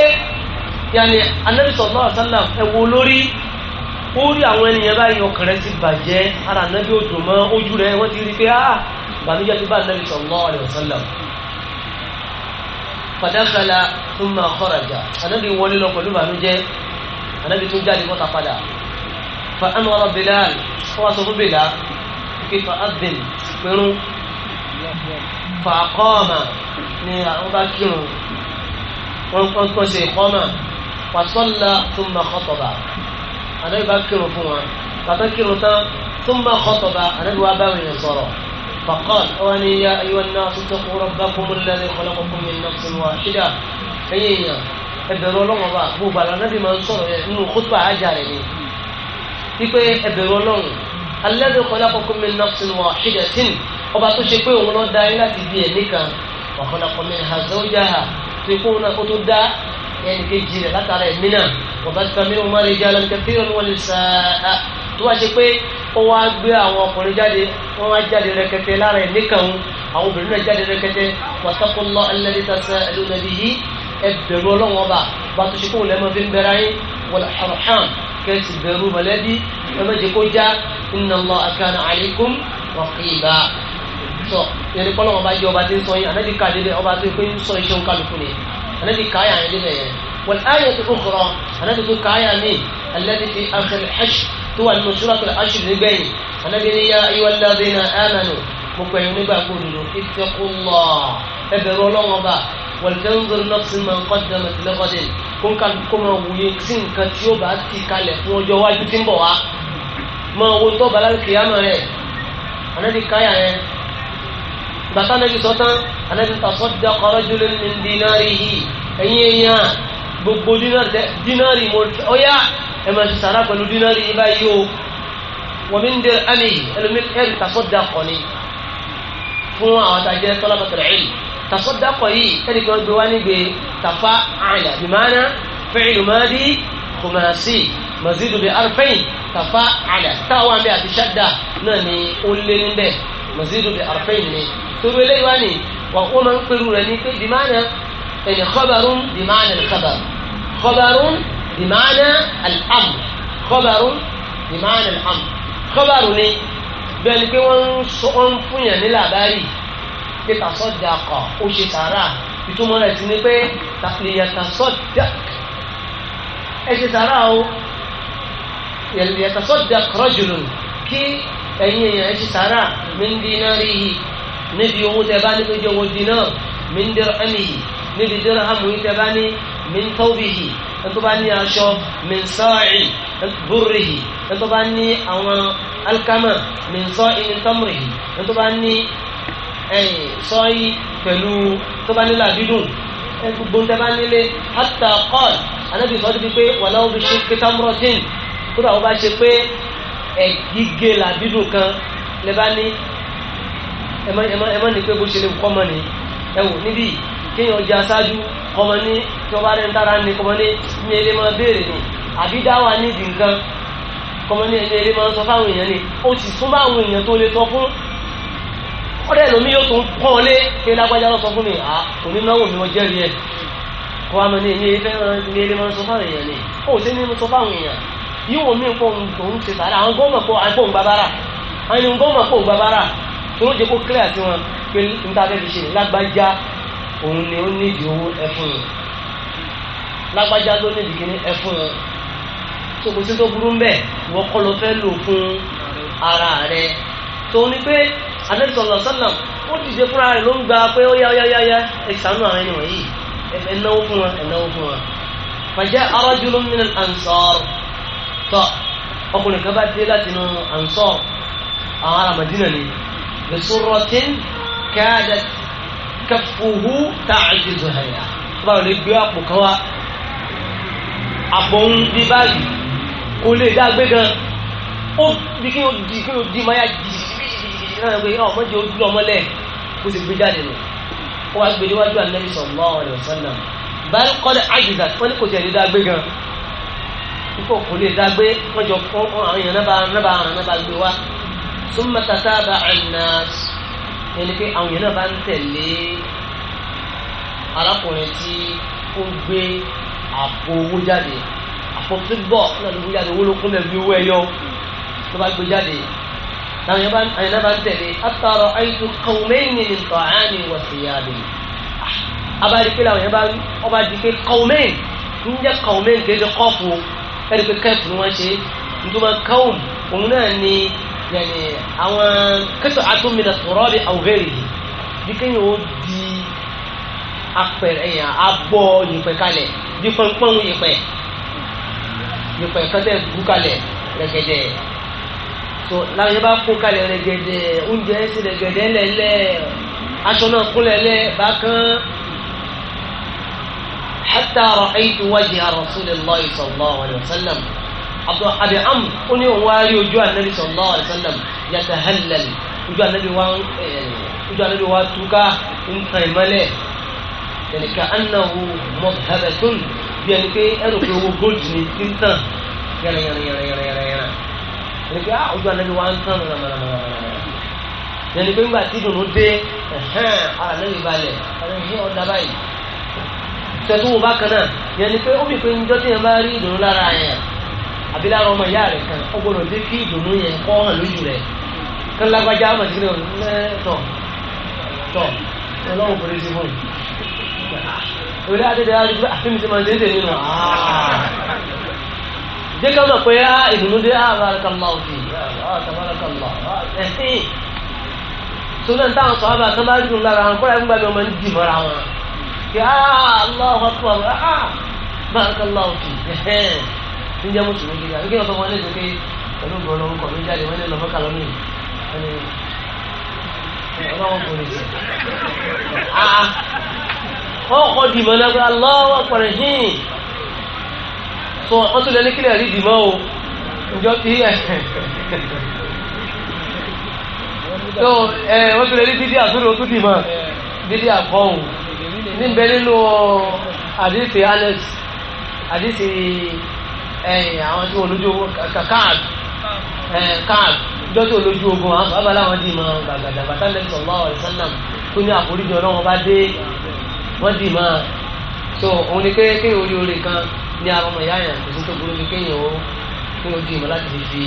S1: yàní anabi sallallahu alaihi wasallam ẹ wo lórí ó rí àwọn ènìyàn báyìí ọkàn rẹ ti bàjẹ́ ara anabi ò dùn mọ́ ojú rẹ wọ́n ti rí pé ah ìbànújẹ́ ti bá anabi sallallahu alaihi wasallam fàdákàlà thumma kharaja anábì wọlé lọ pẹ̀lú bànújẹ́ anábì tó jáde bọ́ta padà fa amara Bilal fún wa sọ fún Bilal kí fa abdin pẹ̀rún fa aqama ní àwọn bá kírun wọn kọ́ kọ́ ṣe iqama fa salla thumma khataba anábì bá kírun fún wa bàtà kírun tán thumma khataba anábì wa bá wọn yẹn فقال أواني يا أيها الناس اتقوا ربكم الذي خلقكم من نفس واحدة أيها ẹbẹ̀rù ọlọ́run ọba gbogbo àlànàbí máa ń sọ̀rọ̀ yẹn nínú kótó àájà rẹ̀ ni wípé ẹbẹ̀rù ọlọ́run alladhi khalaqakum min nafsin wahidatin ọba tó ṣe pé òun ló dá yín láti di ẹ̀mí kan wa khalaqa minha zawjaha tó ikú náà kó tó dá ẹnì kejì rẹ̀ látara ẹ̀mí náà wa batha minhuma rijalan kathiran wa nisaa tó wá ṣe pé ó wá gbé àwọn ọkùnrin jáde wọ́n wá jáde rẹkẹtẹ lára ẹ̀ níkàn àwọn obìnrin náà jáde rẹkẹtẹ wàtàkùnlọ ẹlẹ́dẹ́tàṣẹ ẹlẹ́dẹ́bí yìí ẹbẹ̀rù ọlọ́wọ́n ọba bá tó ṣe kó lẹ́mọ fi ń bẹ̀rẹ̀ ayé wal arham kẹ́sì bẹ̀rù mọ̀lẹ́bí ẹmẹ́jẹ kó já inna Allah kana alaykum raqiba sọ yẹni kọ́ lọ́wọ́ bá jẹ́ ọba tí ń sọ yín ànábì ká débẹ̀ ọba tó pé ń sọ iṣẹ́ ń kálukú ni ànábì ká yà yẹn débẹ̀ yẹn wal ayatu ukhra ànábì tó ká yà mí alladhi fi akhir al-hashr tó wà nínú suratul Hashr nígbẹ̀yìn anábì ní yá ayyuhal ladhina amanu mo pè yín nígbà kó lòlò ittaqullah ẹbẹ̀rù ọlọ́run ọba wal tanzur nafsun ma qaddamat li ghadin kó ń kálukú kó máa wòye sí nǹkan tí ó bá ti kalẹ̀ fún ọjọ́ wájú tí ń bọ̀ wá máa wo tó balá kìyàmọ̀ rẹ̀ anábì káyà gbogbo dínárì mo ọyá ẹ máa ṣe sàrà pẹ̀lú dínárì yìí báyìí o wọ́n mi ń dẹ ẹni yìí ẹlòmí ẹ̀rì tasọ́dàkọ̀ ni fún àwọn àtàjẹ́ tọ́lábàtàrà yìí tasọ́dàkọ̀ yìí ẹni kan gbé wá nígbè tafa àyà bìmánà fẹ́ẹ̀lú madi kòmásì mazidu bi arfẹ́yìn tafa àyà táwọn àmì àti ṣáda náà ni ó lé níbẹ̀ mazidu bi arfẹ́yìn ni torí eléyìí wá ní wọ́n máa ń pẹ̀lú rẹ̀ ní pé bìmánà ẹni kọ́bàrún bìmánà kọ́bàrún. خبر بمعنى الأمر خبر بمعنى الأمر خبر ni bẹ́ẹ̀ni pé wọ́n ń sọ ń fún yàn ní làbárì pé tasọ́jà kọ̀ ó ṣe sàárà ìtumọ̀ rẹ̀ ti ni pé lèyàn tasọ́jà ẹ ṣe sàárà o lèyàn tasọ́jà rọ́jùlù kí ẹ̀yin èèyàn ẹ ṣe sàárà mi ń di iná rí i níbi owó tẹ bá ní pé jẹ́ owó di náà mi ń dẹ́rọ̀ ẹ̀mí yìí níbi dẹ́rọ̀ hàmù yìí tẹ bá ní min thawbihi ẹni tó bá ní aṣọ min sa'i burrihi ẹni tó bá ní àwọn alkama min sa'i min tamrihi ẹni tó bá ní sọ́ọ̀yì pẹ̀lú tó bá nílò àbídùn ẹni gbogbo ń tẹ́ bá nílé hatta qala anábì sọ́ọ́ ti di pé walau bi shiqqi tamratin kódà wọ́n bá ṣe pé ẹ̀gígé làbídùn kan lẹ́bàá ní ẹmọ ní pé bó ṣe lè kọ́ mọ́ ni ẹ̀wò níbí kéèyàn jẹ aṣáájú kọmọ ní tí wọn bá rẹ ń tara ní kọmọ ní ní eré máa béèrè nù àbí dáwà nídìí nǹkan kọmọ ní ẹni eré máa sọ fáwọn èèyàn ni ó ti sún bá àwọn èèyàn tó lè sọ fún ọdẹ lómi yóò tún pọ́n lé pé lágbájá lọ sọ fún mi à ah, onínáwó mi wọ́n jẹ́rìí ẹ̀ kọ́ àmọ́ ní ẹni eré ní máa sọ fáwọn èèyàn ni ó sì ní sọ fáwọn èèyàn yíwọ̀n mi pọ̀ òun ti sàrà àwọn gọ́ọ̀mọ̀ pọ̀ àìpọ̀ òǹgbàbára àwọn gọ́ọ̀mọ̀ pọ̀ òǹgbàbára tó ń jẹ́ kó kílẹ̀ àti wọn pé níta fẹ́ fi ṣe lágbájá òun ni ó nídìí owó ẹfun yìí lágbájá ló nídìí kíní ẹfun yìí sọkò sí tó burú ń bẹ ìwọ kọ́ ló fẹ́ lò fún ara rẹ tó ní pé Ànábì sallallahu alaihi wasallam ó dìde fúnra rẹ ló ń gba pé ó yá ó yá ó yá ẹ ṣàánú àwọn ẹni wọ̀nyí ẹ náwó fún wọn ẹ náwó fún wọn. fàjẹ́ arajulun min al tọ́ ọkùnrin kan bá dé láti inú ansar àwọn ará Madina ni bẹ̀sùrọ̀tì káàdà kẹfùhù tààjì zòhàyà tó bá lè gbé àpò kan wá àpò ń bí báyìí kò lè dá gbé gan ó bí kí o di kí o di máa yá jìjìjìjì náà pé ọmọ jẹ ojú ọmọlẹ̀ kó sì gbé jáde nù ó wá gbé níwájú Ànábì sallallahu alaihi wasallam báyìí kọ́lé àjìzà wọ́n ní kò jẹ́ lè dá gbé gan púpọ̀ kò lè dá gbé wọ́n jọ fún àwọn èèyàn náà bá náà bá gbé wá súnmọ́ tàtà bá àìnáṣ ẹni pé àwọn èèyàn náà bá ń tẹ̀lé arákùnrin tí ó gbé àpò owó jáde àpò fígbọ̀ náà ló gbé jáde owó ló kún lẹ́bi owó ẹyọ ló bá gbé jáde táwọn èèyàn náà bá ń tẹ̀lé atara aitu kọ́ọ̀mẹ́ni ní tọ́hánì wọ̀síyáde abáyé ah, pé làwọn èèyàn bá ọba di pé kọ́ọ̀mẹ́ni ń jẹ́ kọ́ọ̀mẹ́ni kéde kọ́ọ̀fù ẹni pé kẹ́ẹ̀fù ni wọ́n ṣe nítorí kọ́ọ̀mù òun náà ni yẹni àwọn kẹsàn àtúnmìnà sọ̀rọ̀ bí àwòrán yìí bí kéèyàn ó di apẹ̀rẹ̀ yẹn abọ́ yìnpẹ̀ kalẹ̀ bí pọ́npọ́n yìnpẹ̀ yìnpẹ̀ kẹsẹ̀ bú kalẹ̀ rẹ̀gẹ̀dẹ̀ tó láwọn yẹn bá kó kalẹ̀ rẹ̀gẹ̀dẹ̀ oúnjẹ sí rẹ̀gẹ̀dẹ̀ lẹ́lẹ́ aṣọ náà kó lẹ́lẹ́ bákan hatta ra'aytu wajha rasulillahi sallallahu alaihi wasallam. Abdul Amr ó ní òun wá rí ojú anabi sallallahu alaihi wasallam yatahallal ojú anabi wá eh, ojú anabi wá túká ń tàn ìmọ́lẹ̀ tẹ̀lẹ̀kà annahu mọ̀hẹ́bẹ̀tún bí ẹni pé ẹrù pé owó gold ni ti ń tàn yàrá-yàrá-yàrá-yàrá ẹni pé ah, ojú anabi wá ń tàn ràmàràmàràmàrà ẹni pé ńgbà tí ìdùnnú dé ẹ̀hẹ́n ara anabi balẹ̀ ẹ̀hẹ́n ọ̀dà báyìí tẹ̀tún wo bákan náà yẹn ni pé ó bì pé ń jọ́ àbí lára ọmọ ìyá rẹ̀ kan ó gbọ́dọ̀ dé kí ìdùnnú yẹn kọ́ hàn lójú rẹ̀ kí lágbájá ọmọ ìdílé ọ̀hún tọ̀ tọ̀ ọlọ́run kò lè ṣe fún mi. orí adédè á rí pé àfihàn ah, ti máa ń dédè nínú jẹ́ ká mọ̀ pé á ah, ìdùnnú dé á bàrákàlá òkè á tàbárakàlá ẹ̀sìn sọ́dọ̀ ní táwọn sọ̀rọ̀ bá kán bá dùn lára wọn kọ́ra ẹ̀gbọ́n ọmọ ní dìbọ̀ra wọn kí á lọ́wọ́ kọ́ bàrákàlá òkè tó jẹ́ mùsùlùmí gíga nígbà tó wọlé ìdókè pẹ̀lú ìgbọ̀n lọ́wọ́ kọ̀ mí jáde wọlé lọ́mọ́kà lọ́mí ọlọ́wọ́n kò lè sè ah, ah. wọ́n kọ́ dìbò náà pé aláwọ̀ pẹ̀lẹ́ hìn tó wọ́n tún lè ní kílẹ̀ rí dìbò o ìjọ ti ẹ̀ tó ẹ wọ́n tún lè ní dídí àtúrò tó dìbò dídí àkọ́hùn níbẹ̀ nínú
S2: uh,
S1: àdìsí Anas àdìsí ẹ̀yìn àwọn tí wọ́n lójú ogun káàbù káàbù dọ́tí olójú ogun àwọn sábà láwọn dì mọ́ gàgàdà bàtà lẹ́sọ̀ lọ́wọ́ ìsánàm tó ní àforíjì ọlọ́wọ́n bá dé wọ́n dì mọ́ so òun ni kéèké orí orí kan ní àwọn ọmọ ìyá yẹn kò sí tó burú ní kéèyàn ó kí ó dì mọ́ láti fi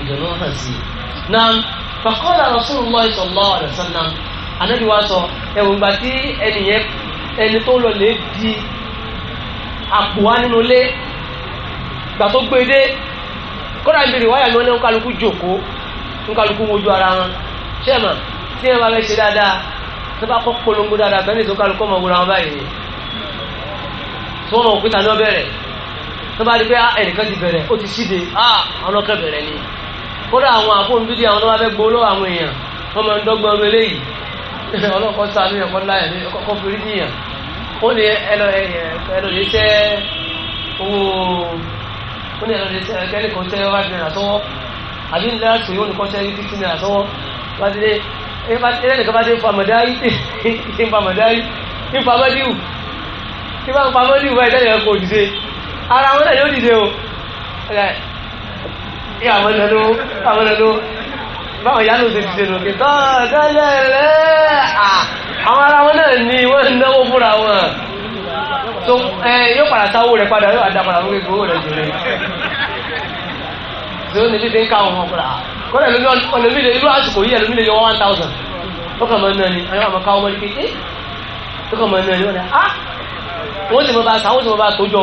S1: ìdùnnú hàn sí i. na fàkọ́lá rasulullah sallallahu alaihi wasallam anabi wa sọ ẹ̀wọ̀n gbà tí ẹnìyẹn di àpò wa gbà tó gbé dé kódà ń bèrè wáyà ni wọ́n ní kálukú jòkó ń kálukú wojú ara wọn ṣé mà tí ẹ bá fẹ́ ṣe dáadáa tó bá kọ́ polongo dáadáa bẹ́ẹ̀ ni tó kálukú ọmọ wúra wọn báyìí tó wọn mọ̀ òkúta ní ọbẹ̀rẹ̀ tó bá rí pé ah, ẹnìkan ti bẹ̀rẹ̀ ó ti ṣíde ah, àwọn ọkẹ́ bẹ̀rẹ̀ ni kódà àwọn àfóhùn bídí àwọn tó bá fẹ́ gbowó lọ́wọ́ àwọn èèyàn wọ́n máa ń dọ́gbọ́n ọ̀rọ̀ eléyìí ọlọ́kọ̀ sanu yẹn kọ́ láyà ní kọ́kọ́ forí níyàn ó ní ẹ̀kẹ́lẹ́ kan tẹ́ wá bìnrin àtọwọ́ àbí ńlá tó yóò nìkan tẹ́ fífi ní àtọwọ́ wájúlé ẹ̀rẹ́ nìkan bá dé pàmọ̀dáyí ní pàmọ̀dáyí ní pàmọ́díwù ní pàmọ́díwù báyìí tẹ́lẹ̀ ẹ̀kọ́ òdìdé ara wọn náà yóò dìde o ẹ̀ àwọn ọ̀nà ló àwọn ọ̀nà ló báwọn ìyá ló ti dìde lò kí tọ́ tẹ́lẹ̀ rẹ̀ àwọn ara wọn náà ni wọ́n náwó fúnra wọn
S2: tó eh,
S1: yóò padà sáwó rẹ̀ padà yóò àdá gue lórí ìgbówó rẹ̀ jùlẹ̀ tí ó ní Kau dah lulus, kúrà kọ́lẹ̀ olómìnira irú àsìkò yìí ẹlòmìnira yọ one thousand ó kàn ni àwọn àmọ́ káwọ́ mọ́ ní kéèké ó ni ah. Kau cuma wọ́n sì cuma bá tujuh wọ́n sì mọ́ bá tójọ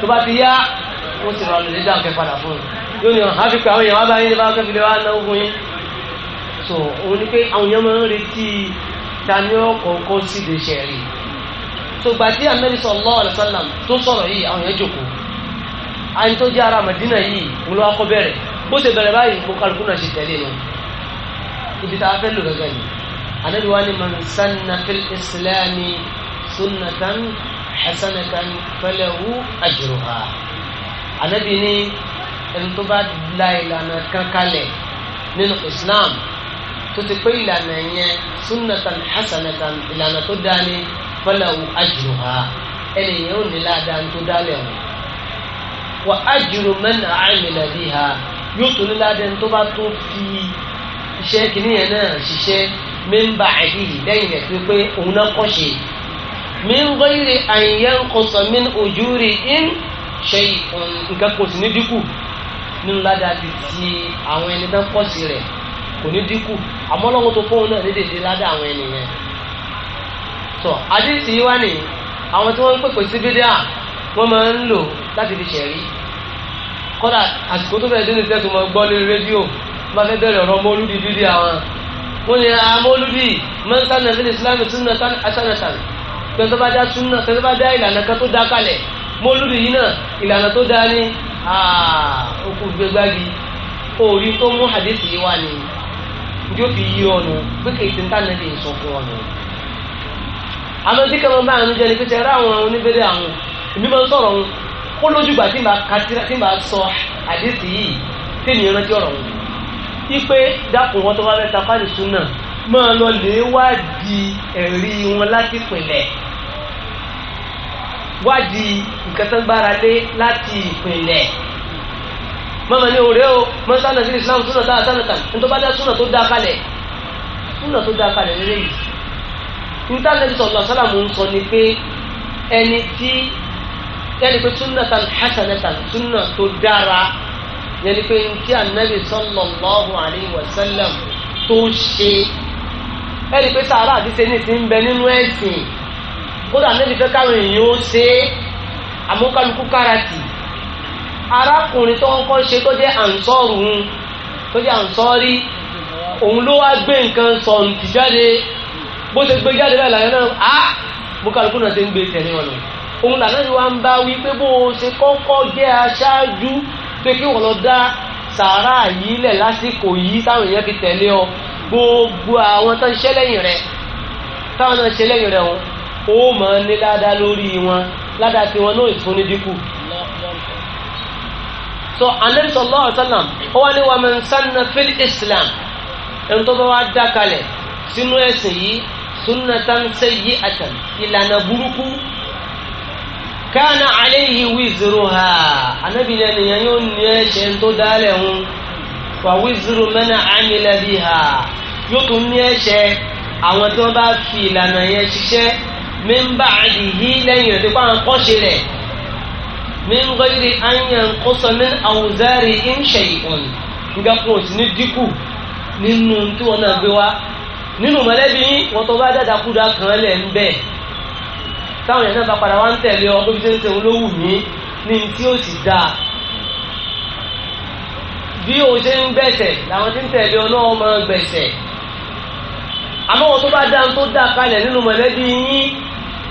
S1: tó bá ti yá wọ́n sì mọ́ lè dá ọ̀kẹ́ padà fún un yóò ní ah, ọ̀hán so òun ni pé àwọn èèyàn máa ń retí ta ní sògbà tí anabi sallallahu alaihi wasallam tó sọ̀rọ̀ yìí àwọn èèyàn jòkó àyìn tó jẹ́ ara Madina yìí wọ́n lọ́wọ́ kọ́ bẹ̀rẹ̀ bó ṣe bẹ̀rẹ̀ báyìí mo kálukú náà ṣe tẹ̀lé nu ibi tá a fẹ́ lò gẹ́gẹ́ yìí anabi wa ni man sanna fil islami sunnatan hasanatan falahu ajruha anabi ni ẹni la ìlànà kan nínú islam tó ti pé ìlànà yẹn sunnatan hasanatan ìlànà tó dáa ni falahu ajruha ẹnìyẹn ò ní ládàá tó dálẹ̀ wọn. wà ajru man amila biha yóò tó ní ládàá tó bá tó fi iṣẹ́ kìnìyàn náà ṣiṣẹ́ mẹ́ńbà àdìyí lẹ́yìn rẹ̀ pé pé òun náà kọ́ ṣe min ghairi an yanqusa min ujurihim shay'un nǹkan kò sí ní dínkù nínú ládàá ti ti àwọn ẹni tán pọ̀ sí rẹ̀ kò ní dínkù àmọ́ lọ́wọ́ tó fóun náà ní dèdè ládàá àwọn ẹni yẹn tọ́ àdìsí wá nìyí àwọn tí wọ́n ń pèpè sí bídíà wọ́n máa ń lò láti fi ṣẹ̀rí kọ́dà àsìkò tó fẹ́ẹ́ dénú tẹ́tù máa gbọ́ lórí rédíò bá fẹ́ bẹ̀rẹ̀ ọ̀rọ̀ mọ́lúdì bídíà wọn. wọ́n ní amọ́lúdì mọ́ńsánà ní ìsìlámù súnà asánàtàn pẹ̀lú bá dá súnà pẹ̀lú bá dá ìlànà kan tó dá kalẹ̀ mọ́lúdì yìí náà ìlànà tó dá ní ah, okùn gbẹgbági orí tó mú àdéhùn yìí wá ní yóò fi yí ọ̀nà pé kèké ń tàn àmọ́ tí kẹ́mọ́ bá àánú jẹ́ ni pípẹ́ rá àwọn oníbẹ̀rẹ̀ àwọn èmi máa ń sọ̀rọ̀ wọn ó lójúgbà tí màá ka tí màá sọ àdéhùn yìí tí mi rántí ọ̀rọ̀ wọn. ipe dákun wọn tó bá fẹ́ ta fáàlì súnà máa lọ lè wádìí ẹ̀rí wọn láti pìnlẹ̀ wádìí nǹkan tó gbára lé láti ìpìnlẹ̀ mọ́mọ́ ní òré o mọ́sánà sí Islam súnà tá a sánà tán ní tó bá dá súnà tó dá kalẹ̀ súnà tó dá kalẹ̀ lélẹ́yìí níta lẹ́bi sọ̀rọ̀ sálàmù ń sọ ni pé ẹni tí yẹni pé súnà tán hasanatan súnà tó dára yẹni pé tí anabi sallallahu alayhi wa sallam tó ṣe ẹni pé sàrà àti sẹ́ni ti ń bẹ nínú ẹ̀sìn kódà anabi fẹ́ káwọn èèyàn ó ṣe é àmúkálukú káràtì arákùnrin tó ń kọ́ ṣe tó jẹ́ ànsọ́rù ń tó jẹ́ ànsọ́rí òun ló wá gbé nǹkan sọ̀ǹtì jáde bó ṣe gbé jáde báyìí làyẹn náà á bókàlùkù náà ṣe ń gbé tẹ̀lé wọn lọ òun làná ni wàá ń bá wí pé bó o ṣe kọ́kọ́ jẹ́ aṣáájú pé kí wọ́n lọ dá sàárà yìí lẹ̀ lásìkò yìí táwọn èèyàn fi tẹ̀lé ọ gbogbo àwọn tó ń ṣe lẹ́yìn rẹ̀ táwọn náà ṣe lẹ́yìn rẹ̀ wọn ó máa ní ládàá lórí wọn ládàá tí wọn náà ìfúnni dínkù so anabi sallallahu alaihi wa sallam ó wá ní wa sanna fil islam ẹni tó bá wá dá sínú ẹ̀sìn yìí sunnatan sayyi'atan ìlànà burúkú kana alayhi wizruha anábì ní ẹnìyàn yóò ní ẹ̀ṣẹ̀ tó dálẹ̀ hun wà wizru man amila biha yóò tún ní ẹ̀ṣẹ̀ àwọn tí wọ́n bá fi ìlànà yẹn ṣiṣẹ́ min ba'dihi lẹ́yìn rẹ̀ tó pa àwọn kọ́ṣe rẹ̀ min ghayri an min awzarihim shay'un nígbà kan ò sí ní dínkù nínú tí wọ́n náà gbé wá nínú mọ̀lẹ́bí yín wọ́n tó bá dáadáa kúdà kan lẹ̀ ń bẹ̀ táwọn èèyàn náà bá padà wá ń tẹ̀lé ọ pé bí sẹ́ńsẹ́ òun ló wù mí ní tí ó sì dáa bí o ṣe ń gbẹ̀sẹ̀ làwọn tí ń tẹ̀lé ọ náà máa gbẹ̀sẹ̀ àmọ́ wọn tó bá dáa tó dáa kalẹ̀ nínú mọ̀lẹ́bí yín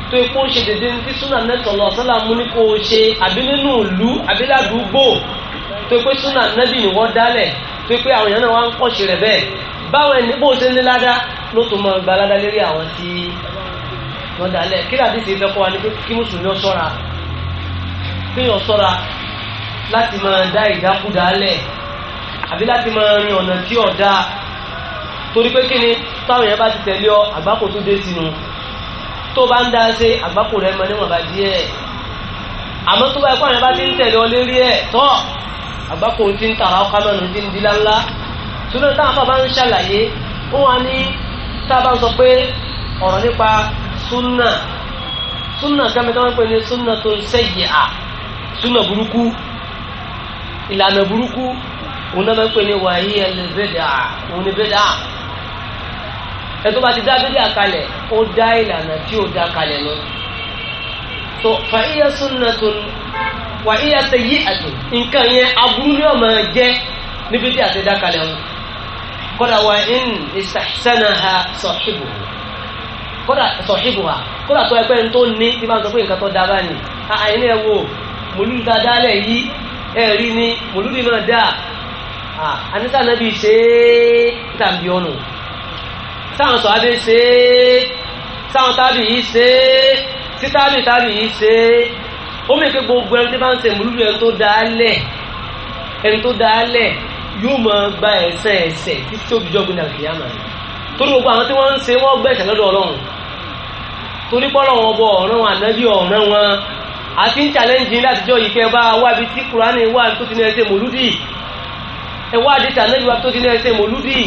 S1: tó epo ṣe dédé ní tí súnà mẹ́sàn-án lọ́sọ́lá mú ní kó o ṣe àbí nínú ìlú àbí ládùúgbò tó pé súnà nẹ́bì ni wọ́n dálẹ̀ tó pé àwọn èèyàn náà wá ń pọ̀ṣẹ̀ rẹ̀ bẹ́ẹ̀ báwọn ẹni bó ṣe ń lé ládá ló tún máa gba ládá lérí àwọn tí wọ́n dálẹ̀ kí làdí ti fẹ́ kọ́ wa ni pé kí mùsùlùmí ọ ṣọ́ra kí yàn ṣọ́ra láti máa dá ìdákúdá lẹ̀ àbí láti máa rin ọ̀nà tí ò dáa torí pé kí ni táwọn èèyàn bá ti tẹ̀lé ọ àgbákò tó dé sínú tó bá ń dá ṣe àgbákò rẹ̀ mọ níwọ̀nba díẹ̀ àmọ́ tó bá ẹ̀kọ́ àwọn èèyàn bá ti ń tẹ̀lé ọ lérí ẹ̀ tọ́ àgbákò ti ń tàrà ọkà mẹ́nu ti ń di ńláńlá sórí táwọn bàbá ń ṣàlàyé wọn wá ní tábà ń sọ pé ọ̀rọ̀ nípa súnà súnà kẹ́mi tó ń pè ní súnà tó sẹ́yìí à súnà burúkú ìlànà burúkú òun náà máa ń pè ní wàyí ẹlẹ́bẹ̀dà òun ní bẹ̀dà ẹ̀tọ́ bá ti dá bẹ̀dà kalẹ̀ ó dá ìlànà tí ó dá kalẹ̀ lọ. tó fàáyé súnà tó wà á yẹ sẹ́yí àti nǹkan yẹn aburú ni wọ́n máa jẹ́ níbi tí àti dákalẹ̀ wọn kódà wà ń ìsàkísánà ha sọ̀hìbù kódà sọ̀hìbù ha kódà tó ẹgbẹ́ tó ní bí wọ́n sọ pé nǹkan tó dábà ni àyìn ẹ̀ wò mòlúù tá a dálẹ̀ yìí ẹ̀ rí ni mòlúù ni náà dáa àníta nàbí ṣe é tàbí ọ̀nà sáwọn sọ abẹ́ ṣe é sáwọn tábì yìí ṣe é títàbí tábì ṣe é ó mẹ́ pé gbogbo ẹni tí bá ń ṣe mùlúdù ẹni tó dáálẹ̀ ẹni tó dáálẹ̀ yóò mọ gba ẹ̀sẹ̀ ẹ̀sẹ̀ tí tí ó fi jọ́ gbìyànjú àkìyàmà ni torí gbogbo àwọn tí wọ́n ń ṣe wọ́n gbẹ̀sẹ̀ lọ́dọ̀ ọlọ́run torí pọ́lọ̀ wọn bọ ọ̀ràn wọn ànábì ọ̀ràn wọn àti ń challenge ní àtijọ́ yìí kẹ́ bá wá ibi tí kúránì wà tó ti ní ẹsẹ̀ mòlúdì ẹ wá àdìtà nábì wà tó ti ní ẹsẹ̀ mòlúdì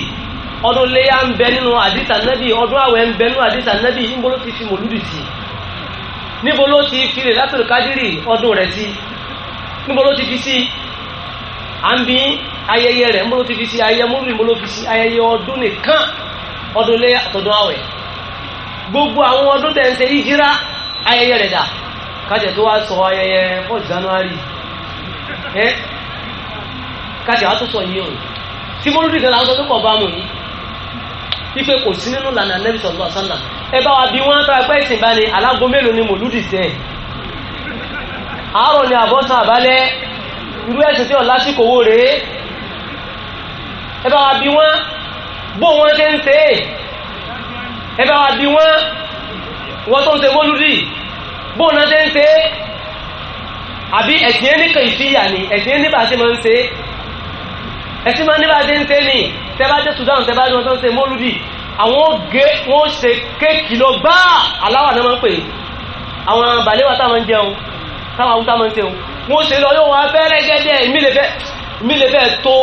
S1: ọdún léyà ń bẹ nínú àdìtà nábì ọdún àwẹ̀ ń bẹ nínú àdìtà nábì ń ti fi mòlúdì sí níbo ló ti fi Laylatul Qadri ọdún rẹ̀ sí níbo ló ti fi sí à ń bí ayẹyẹ rẹ̀ níbo ló ti fi sí ayẹyẹ múlù níbo ló fi sí ayẹyẹ ọdún nìkan ọdún lé àtọ̀dún àwẹ̀ gbogbo àwọn ọdún tẹ̀ ń ṣe hijira ayẹyẹ rẹ̀ dà kájẹ̀ tó wá sọ ayẹyẹ for January ẹ kájẹ̀ wá tó sọ yìí o tí múlù nìkan làwọn tó kọ̀ bá mu yìí wípé kò sí nínú lànà nẹ́bí sọ̀rọ̀ sọ́nà ẹ bá wa bí wọ́n bá pẹ́ ìsìn bá ní alágo mélòó ni mòlúdì tẹ̀ àárọ̀ ni àbọ̀sán àbálẹ́ irú ẹ̀sìn tí ọ̀la síkò owó rèé ẹ bá wa bí wọ́n bó wọ́n ṣe ń ṣe é ẹ bá wa bí wọ́n wọ́n tó ń ṣe mòlúdì bó wọ́n ṣe ń ṣe é àbí ẹ̀sìn ẹni kẹ̀yìfìyà ni ẹ̀sìn ẹni bá ṣe máa ń ṣe é ẹtí máa ń níbà dé ń tẹ́ ní tẹ́bá dé Sudan tẹ́bá dé wọn tó ń ṣe mọ́lúdì àwọn gé wọn ṣe kéèkì lọ gbá aláwà náà máa ń pè é àwọn balẹ̀wà táwọn ń jẹun táwọn awúta máa ń ṣeun wọn ṣe lọ yóò wọn fẹ́rẹ́ gẹ́gẹ́ mí lè fẹ́ tó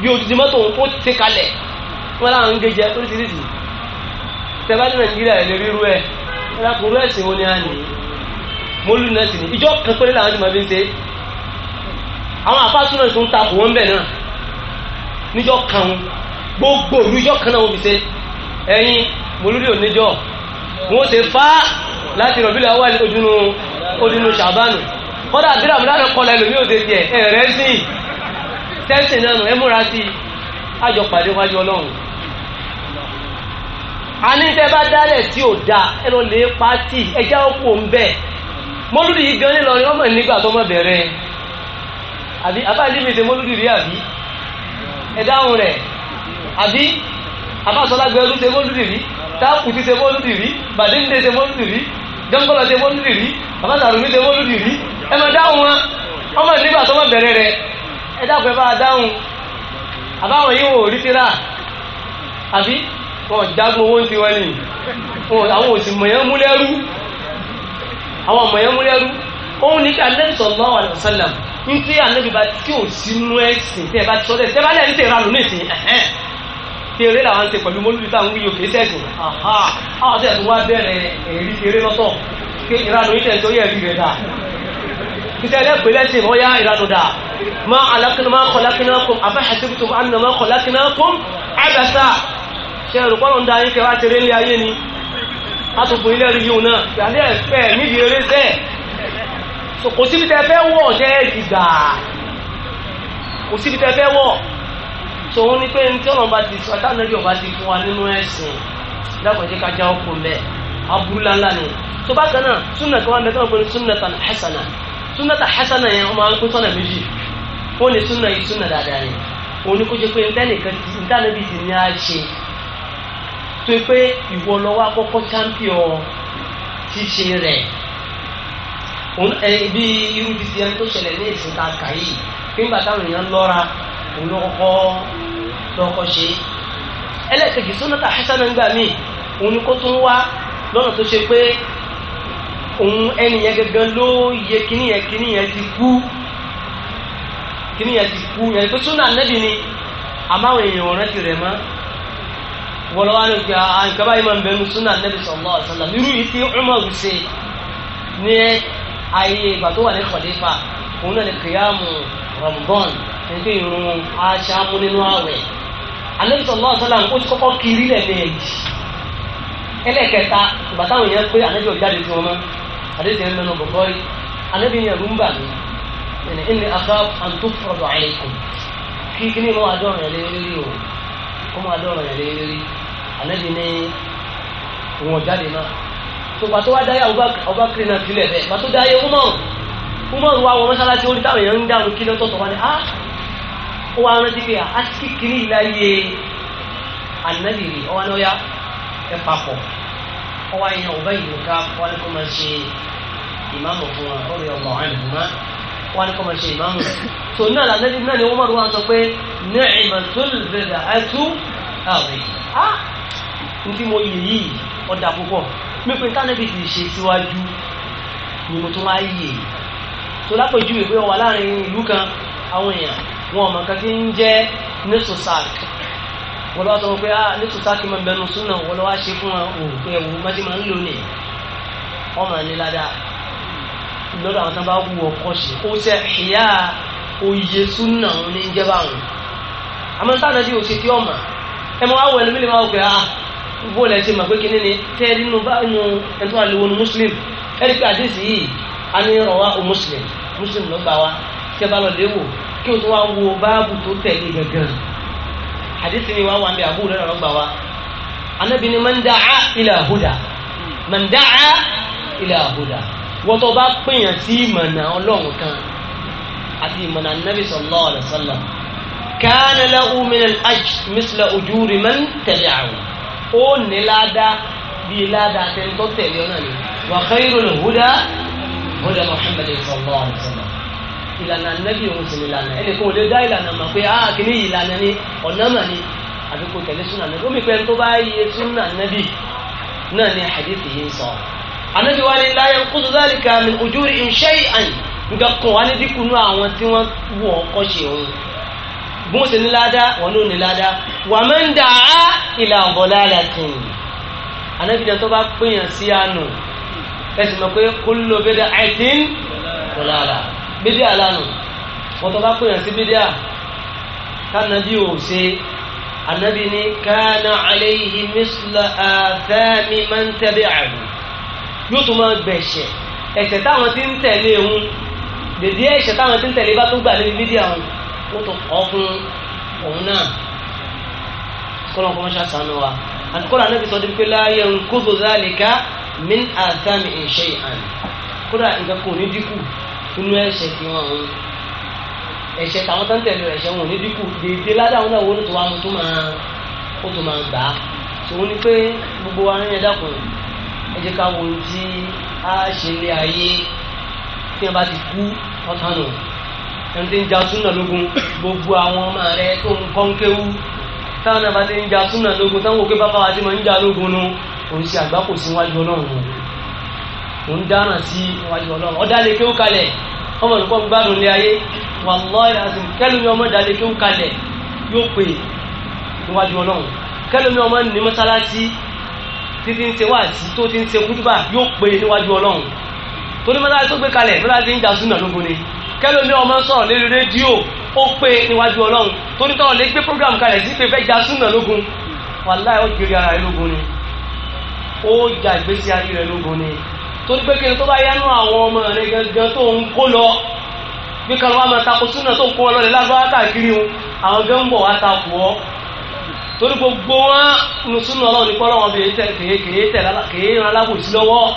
S1: bí odidi mọ́tò ó ti kalẹ̀ wọn làwọn ń gẹjẹ oríṣiríṣi tẹ́bá dé Nàìjíríà ẹ̀ lè rírú ẹ̀ lákòrò ẹ̀sìn wo ni a nì mọ́lúdì náà sì ní ìjọ kan péré làwọn ti máa fi ń ṣe àwọn àfáàsùn náà tó ń takò wọn bẹ̀ náà níjọ́ kan gbogbo níjọ́ kan náà wọ́n fi ṣe ẹ̀yìn mòlúrí oníjọ́ wọ́n ṣe fá láti rọ̀bílẹ̀ wà lójúnú odinu ṣàbánu kọ́dà bí ràmùdánù kọlẹ̀ lómi òde tiẹ̀ ẹ̀rẹ́ sí tẹ́sìn náà ẹ múra sí àjọ pàdé wájú ọlọ́run a ní tẹ́ bá dálẹ̀ tí ò da ẹ lọ lè pátì ẹjá òkú ń bẹ̀ yìí gan nílọrin ọmọ nígbà tó mọ̀ bẹ̀rẹ̀ àbí abáyé ẹ̀dáhùn rẹ̀ àbí abáṣọlágbẹ̀rú ṣe mọ́lúdì rí táàkùtì ṣe mọ́lúdì rí bàdíndé ṣe mọ́lúdì rí jọ́ngọ́lọ̀ ṣe mọ́lúdì rí abáṣàrùmí ṣe mọ́lúdì rí ẹ máa dáhùn wọn ọmọ nígbà tó máa bẹ̀rẹ̀ rẹ̀ ẹ dákun ẹ bá dáhùn àbáwọn yìí wò rí tíra àbí wọn jágun owó ń ti wọn ni àwọn òsì mọ̀yán múlẹ́rú àwọn mọ̀yán múlẹ́rú òun ní kí Ànábì sallallahu alaihi wasallam ní tí Ànábì bá tí ò sí nú ẹ̀sìn tẹ́ ẹ bá ti sọ́dẹ̀ tẹ́ bá lẹ́yìn tẹ́ ra lónìí sí ẹ̀hẹ́n tí eré làwọn ń ṣe pẹ̀lú mọ́lúdì táwọn wíyọ kìí sẹ́gun àwọn tí wọ́n bẹ̀rẹ̀ èrí eré lọ́tọ̀ kí ìranù yìí tẹ̀ sórí ẹ̀rí rẹ̀ dà títẹ́ ẹlẹ́pẹ̀ lẹ́sìn wọ́n yá ìranù dà ma khalaqnakum afa hasibtum annama khalaqnakum abasa ṣe ẹ̀rù so kò síbi tẹ fẹ́ wọ̀ ṣẹ́ ti gbà kò síbi tẹ fẹ́ wọ̀ so òun ni pé ní tí ọlọ́run bá ti sọ táwọn ẹbí ọba ti fún wa nínú ẹ̀sìn lágbàjẹ́ ká já ọkùn bẹ́ẹ̀ aburúlá ńlá ni so bákan náà súnà kan wà bẹ́ẹ̀ tó ń pè ní súnà tàn hasana súnà tàn hasana yẹn wọ́n máa ń pín sọ́nà méjì wọ́n ní súnà yìí súnà dáadáa yẹn òun ni kó jẹ́ pé ntẹ́nìkan ti ntẹ́nìbí ti ní á ṣe tó pé ìwọ lọ́wọ́ akọ́kọ́ champion ti ṣe rẹ̀ òun ẹ bí irú bí ti ẹni tó ṣẹlẹ̀ ní èsì ta yìí nígbà táwọn èèyàn lọ́ra òun ló kọ́kọ́ lọ́kọ́ ṣe ẹlẹ́kẹ̀kì sunnata hasana nígbà míì òun ni kó tún wá lọ́nà tó ṣe pé òun ẹni yẹn gangan ló yẹ kíní yẹn kíní yẹn ti kú kíní yẹn ti kú yẹn pé sunna nẹ́bì ni àmáwọn èèyàn ò rántí rẹ̀ mọ́ wọ́lọ́wọ́ ní pé àǹkà ah, máa ń bẹnu sunna nẹ́bì sallallahu alaihi wasallam irú yìí tí Umar ayé ìgbà tó wà ní kọ̀dífà òun náà ni kìyàmù rọ̀mùbọ́n nígbà ìrún aṣáámú nínú ààwẹ̀ Ànábì sallallahu alaihi ti kọ́kọ́ kiri lẹ́ẹ̀mejì ẹlẹ́ẹ̀kẹta ìgbà táwọn èèyàn pé Ànábì ọ̀jáde fún ọmọ àdéhùn ẹ̀rọ mẹ́nu bọ̀bọ́ yìí Ànábì bà mí àǹtó kí yẹn o kó mo yẹn lérí Ànábì ni náà sọgbà tó wá dáyé Abubakar náà sílẹ̀ bẹ́ẹ̀ gbà tó dáyé Umar Umar wá wọ mọ́sálásí orí táwọn èèyàn ń dànù kí lọ́tọ̀ tó wá ah ó wá rántí pé àsìkiri ah, ìláyé ànábìrì ọwọ́ náà yá ẹ papọ̀ ọwọ́ yẹn ọba yìí ká wọ́n ní kó máa ṣe ìmáàmù fún wa ọ̀rẹ́ ọmọ àìmọ̀ máa wọ́n ní kó máa ṣe ìmáàmù tó náà lànàbí náà ni Umar wá sọ pé ní ìmọ̀tòl bẹ̀rẹ̀ àìtú àwẹ̀ ah n tí mo yè yìí ọ̀dà púpọ̀ pínpín tánàbì ti ṣe síwájú ni mo tún wá yè tó lápèjúwe pé wà láàrin ìlú kan àwọn èèyàn wọn ọmọ kan ti ń jẹ́ nesosac wọ́n lọ́wọ́ sọ pé ah nesosac máa bẹnu súnà wọ́n lọ́wọ́ ṣe fún wọn ò pé ẹ̀wù mọ́tí máa ń lò ní ọmọ ní ládàá lọ́dọ̀ àwọn tán bá wù ọkọ̀ ṣe ó ṣe ìyá oyè súnà ní ń jẹ́ báwọn àmọ́ tánàbì ò ṣe tí ọmọ ẹ mọ àwọ̀ ẹlẹ́mìlì máa wù pé ah bó lẹ ṣe mọ̀ pé kíní ni tẹ́ nínú bá nínú ẹni tó wà lówó ní muslim ẹni pé àdéhùn yìí a ní rọwá o muslim muslim ló gbà wá kí ẹ bá lọ léwò kí o tó wá wo báàbù tó tẹ̀lé gangan àdéhùn ni wà wà mí àbúrò náà ló gbà wá anabi ni man da'a ila huda man da'a ila huda wọ́n bá pèèyàn sí ìmọ̀nà ọlọ́run kan àti ìmọ̀nà anabi sallallahu alaihi wasallam kana lahu min al-ajr misla ujuri man ó ní ládàá bíi ládàá tẹni tó tẹ̀lé ọ̀nà ni wa khairul huda huda Muhammad sallallahu alaihi wasallam ìlànà nẹ́bí òun sì ní ìlànà ẹnì kan ò lè dá ìlànà mà pé ah kìíní ìlànà ni ọ̀nà mà ni àbí kò tẹ̀lé súnà nẹ́bí omi pẹ́ẹ́n tó bá yẹ súnà nẹ́bí náà ni àdìsí yìí ń sọ. ànábi wa ni láyé kúndùn dhalika min ujurihim shay'an nǹkan kan wá ní dínkù nú àwọn tí wọ́n wọ̀ ọkọ̀ ṣe òun bó ṣe ní ládàá wọn ló ní ládàá wà máa ń dà á ìlà ọ̀bọ̀lá àlàkùn anábìyàn tó bá pèèyàn sí àánú ẹ sì mọ̀ pé kúlò bídà àìtín ọ̀làlà bídà lánà wọn tó bá pèèyàn sí bídà kánàbí ò ṣe anábì ní kánà alayhi misla àfẹ́mi máa ń tẹ́lẹ̀ àrùn yóò tún máa gbẹ̀ṣẹ̀ ẹ̀ṣẹ̀ táwọn ti ń tẹ̀lé òun dèdè ẹ̀ṣẹ̀ táwọn ti ń tẹ̀lé bá tún gbà níbi wọ́n tó kọ́ fún òun náà kọ́lọ́n kọ́ mọ́ṣá sànú wa àti kọ́lọ́n anábì sọ dípé láàyè ń kóso záàlìká min àtàmì ìṣe ìhàn kódà nǹkan kò ní dínkù nínú ẹ̀ṣẹ̀ tí wọ́n ń ẹ̀ṣẹ̀ táwọn tó ń tẹ̀lé ẹ̀ṣẹ̀ wọn ò ní dínkù déédéé ládàá náà wọ́n tó wá tó máa ó tó máa gbà á tòun ni pé gbogbo wa ń yẹn dákun ẹ jẹ́ ká wo ohun tí a ṣe lé ayé tí wọ́n bá ti kú ọ̀tán ẹni tí ń ja súnà lógun gbogbo àwọn ọmọ rẹ tó ń kọ́ táwọn náà bá ti ń ja súnà lógun táwọn òkè bàbá wa ti máa ń ja lógun nu òun ṣe àgbákò sí iwájú ọlọ́run òun dáràn sí iwájú ọlọ́run ọ̀dà lè kéwú kalẹ̀ ọmọ olùkọ́ gbádùn lé ayé ọmọ kẹ́lò ní ọmọ sọ̀rọ̀ lérí rédíò ó pé níwájú ọlọ́run tó ní tọ́rọ̀ lé gbé program kalẹ̀ sí pé fẹ́ ja súnà lógun wàláì ó jèrè ara rẹ̀ lógun ni ó ja ìgbésí ayé rẹ̀ lógun ni tó ní pé kí ni tó bá yánú àwọn ọmọ rẹ̀ gangan tó ń kó lọ bí kan wá máa takò súnà tó ń kó wọn lọ lágbára káàkiri wọn àwọn gan ń bọ̀ wá takò ọ́ torí gbogbo wọn nu súnà ọlọ́run ní kọ́lọ́ wọn bèè tẹ̀ kèé tẹ̀ kèé ran alábòsí lọ́wọ́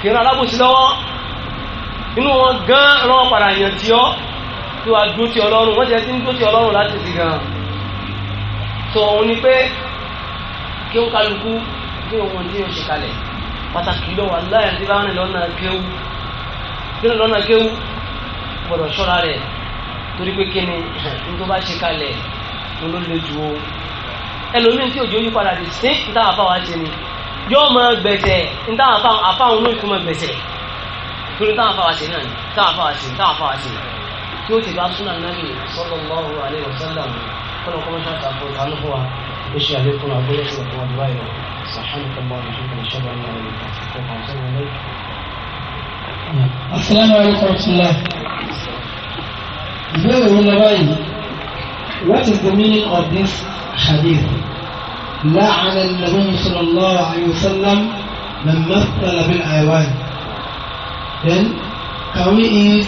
S1: kèé ran alábòsí lọ́wọ́ inú wọn gan ọlọ́wọ́ padà yàn tí ọ́ tó wá dúró tí ọlọ́run wọ́n ti ti ń dúró tí ọlọ́run láti ti gan tó òun ni pé kí ó kálukú kí òun ní oṣù kalẹ̀ pàtàkì lọ́wọ́ aláyà tí bá ń rìn lọ́nà kéwú kí ló lọ́nà kéwú gbọ́dọ̀ ṣọ́ra rẹ̀ torí pé kí ni ní tó bá ṣe kalẹ̀ ló ló le jù o ẹlòmíín tí òjò yí padà dì sí ní táwọn afáwọn á ṣe yóò máa gbẹ̀sẹ̀ ní táwọn afáwọn olóyún tó máa gbẹ̀sẹ̀. كل دا فاشين دا فاشين دا فاشين تو تي باب سنن النبي صلى الله عليه وسلم كل كما شاء ابو قال هو
S2: ايش يعني كل ابو ليس هو دوائر صحن كما يشوف ان شاء الله السلام عليكم ورحمه الله Leo unawai What is the meaning of this hadith? La'ana al-Nabi sallallahu alayhi wa sallam Man mastala bil-aywani Then, can we eat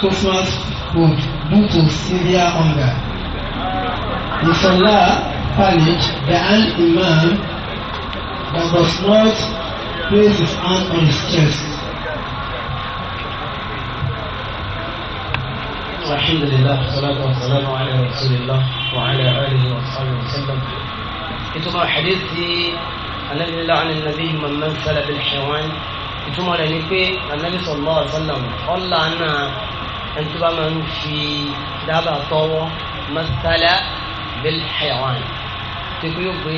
S2: Christmas food due to severe hunger? The Salah College, the an imam that does not place his hand on his chest. الحمد لله والصلاة والسلام على رسول الله وعلى آله وصحبه وسلم. حديثي
S1: حديث الذي عن النبي من من سلب الحيوان ìtumọ̀ rẹ̀ ni pé anabi sallallahu alaihi wasallam ọ̀là náà ẹni tó bá máa ń fi dábàá tọ́wọ́ masala bil hayawan tó kí yóò gbé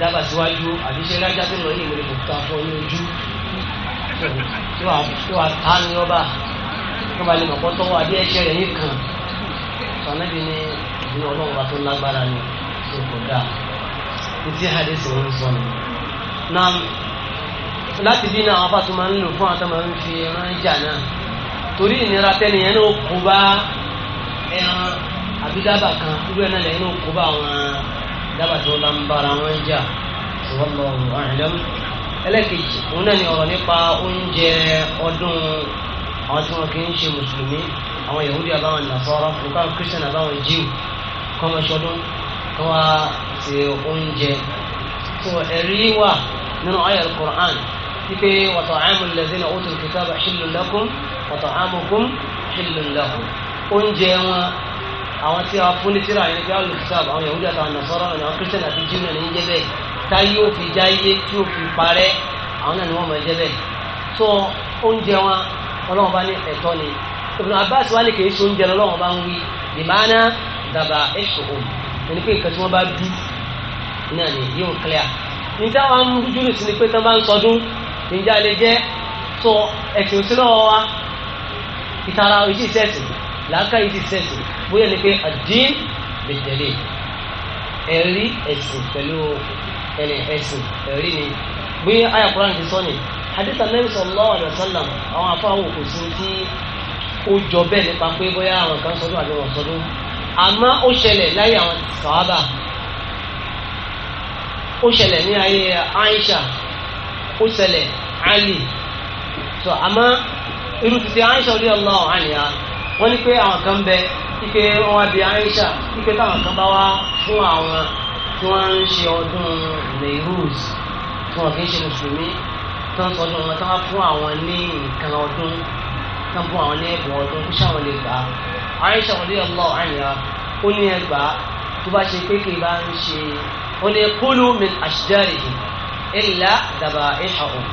S1: dábàá síwájú àbí ṣe rájá tó lọ ní ìwé kò ká fọ ní ojú tí wàá ta ni ọba kí wàá lè mọ̀ pọ́ àbí ẹ̀ṣẹ̀ rẹ̀ nìkan sànàbí ni ìdúró ọlọ́run bá tó lágbára ni tó kò dáa ní hadith ń sọ ni láti bí náà àwọn afáàtò máa ń lò fún àwọn tó máa ń fi ẹran jà náà torí ìnira tẹnìyẹn náà kó bá ẹran àbí dábàá kan irú ẹ̀ náà lẹ́yìn náà kó bá àwọn dábàá tó ń bá ara wọn jà wallahu a'lam ẹlẹ́kejì òun náà ni ọ̀rọ̀ nípa oúnjẹ ọdún àwọn tí wọn kì í ṣe mùsùlùmí àwọn yahudi àbáwọn nasara nǹkan christian àbáwọn jew kọ́mọṣọdún kọ́ wa ṣe oúnjẹ tó ẹ̀rí wà nínú ayọ̀ al-Qur'an wípé wa ta'amul lazina utul kitaba hillun lakum wa ta'amukum hillun lahum oúnjẹ wọn àwọn tí a fún ní tíra yẹn pé alùpùpù sábà àwọn Yahudi àtàwọn Nasara àwọn Christian àti Jew náà ní jẹ bẹ́ẹ̀ tá yóò fi já yé tí yóò fi parẹ́ àwọn náà ni wọ́n máa jẹ bẹ́ẹ̀ tó oúnjẹ wọn ọlọ́wọ́n bá ní ẹ̀tọ́ ni Ibn Abbas wà kìí sóúnjẹ lọ́wọ́n bá ń wí ìmáná dàbà ẹ̀ṣọ́ òun ẹni pé nǹkan tí wọ́n bá tán bá ń sọdún ìjà lè jẹ́ tó ẹ̀sìn òsínà wa ìtara ìjì sẹ́sìn làákà ìjì sẹ́sìn bóyá ni pé àdín lè tẹ̀lé ẹ̀rí ẹ̀sìn pẹ̀lú ẹni ẹ̀sìn ẹ̀rí ni bí àyà Kùránì ti sọ ni hadith Ànábì sallallahu alaihi wasallam àwọn afáwọn kò sí tí ó jọ bẹ́ẹ̀ nípa pé bóyá àwọn kan sọdún àbí wọn sọdún àmọ́ ó ṣẹlẹ̀ láyé àwọn sàhábà ó ṣẹlẹ̀ ní ayé Aisha ó ṣẹlẹ̀ ali tó àmọ́ irú títí aisha radiyallahu anha wọ́n ní pé àwọn kan bẹ ike wọn wá bí aisha ike táwọn kan bá wá fún àwọn tí wọ́n ń ṣe ọdún nehruz tí wọ́n kì í ṣe mùsùlùmí tó ń sọdún wọn tó wá fún àwọn ní nǹkan ọdún tó ń fún àwọn ní ẹ̀bùn ọdún kó ṣáwọn lè gbà aisha radiyallahu anha ó ní ẹgbàá tó bá ṣe pé bá ń ṣe ó ní kulu min ashdarihi illa dhabaihahum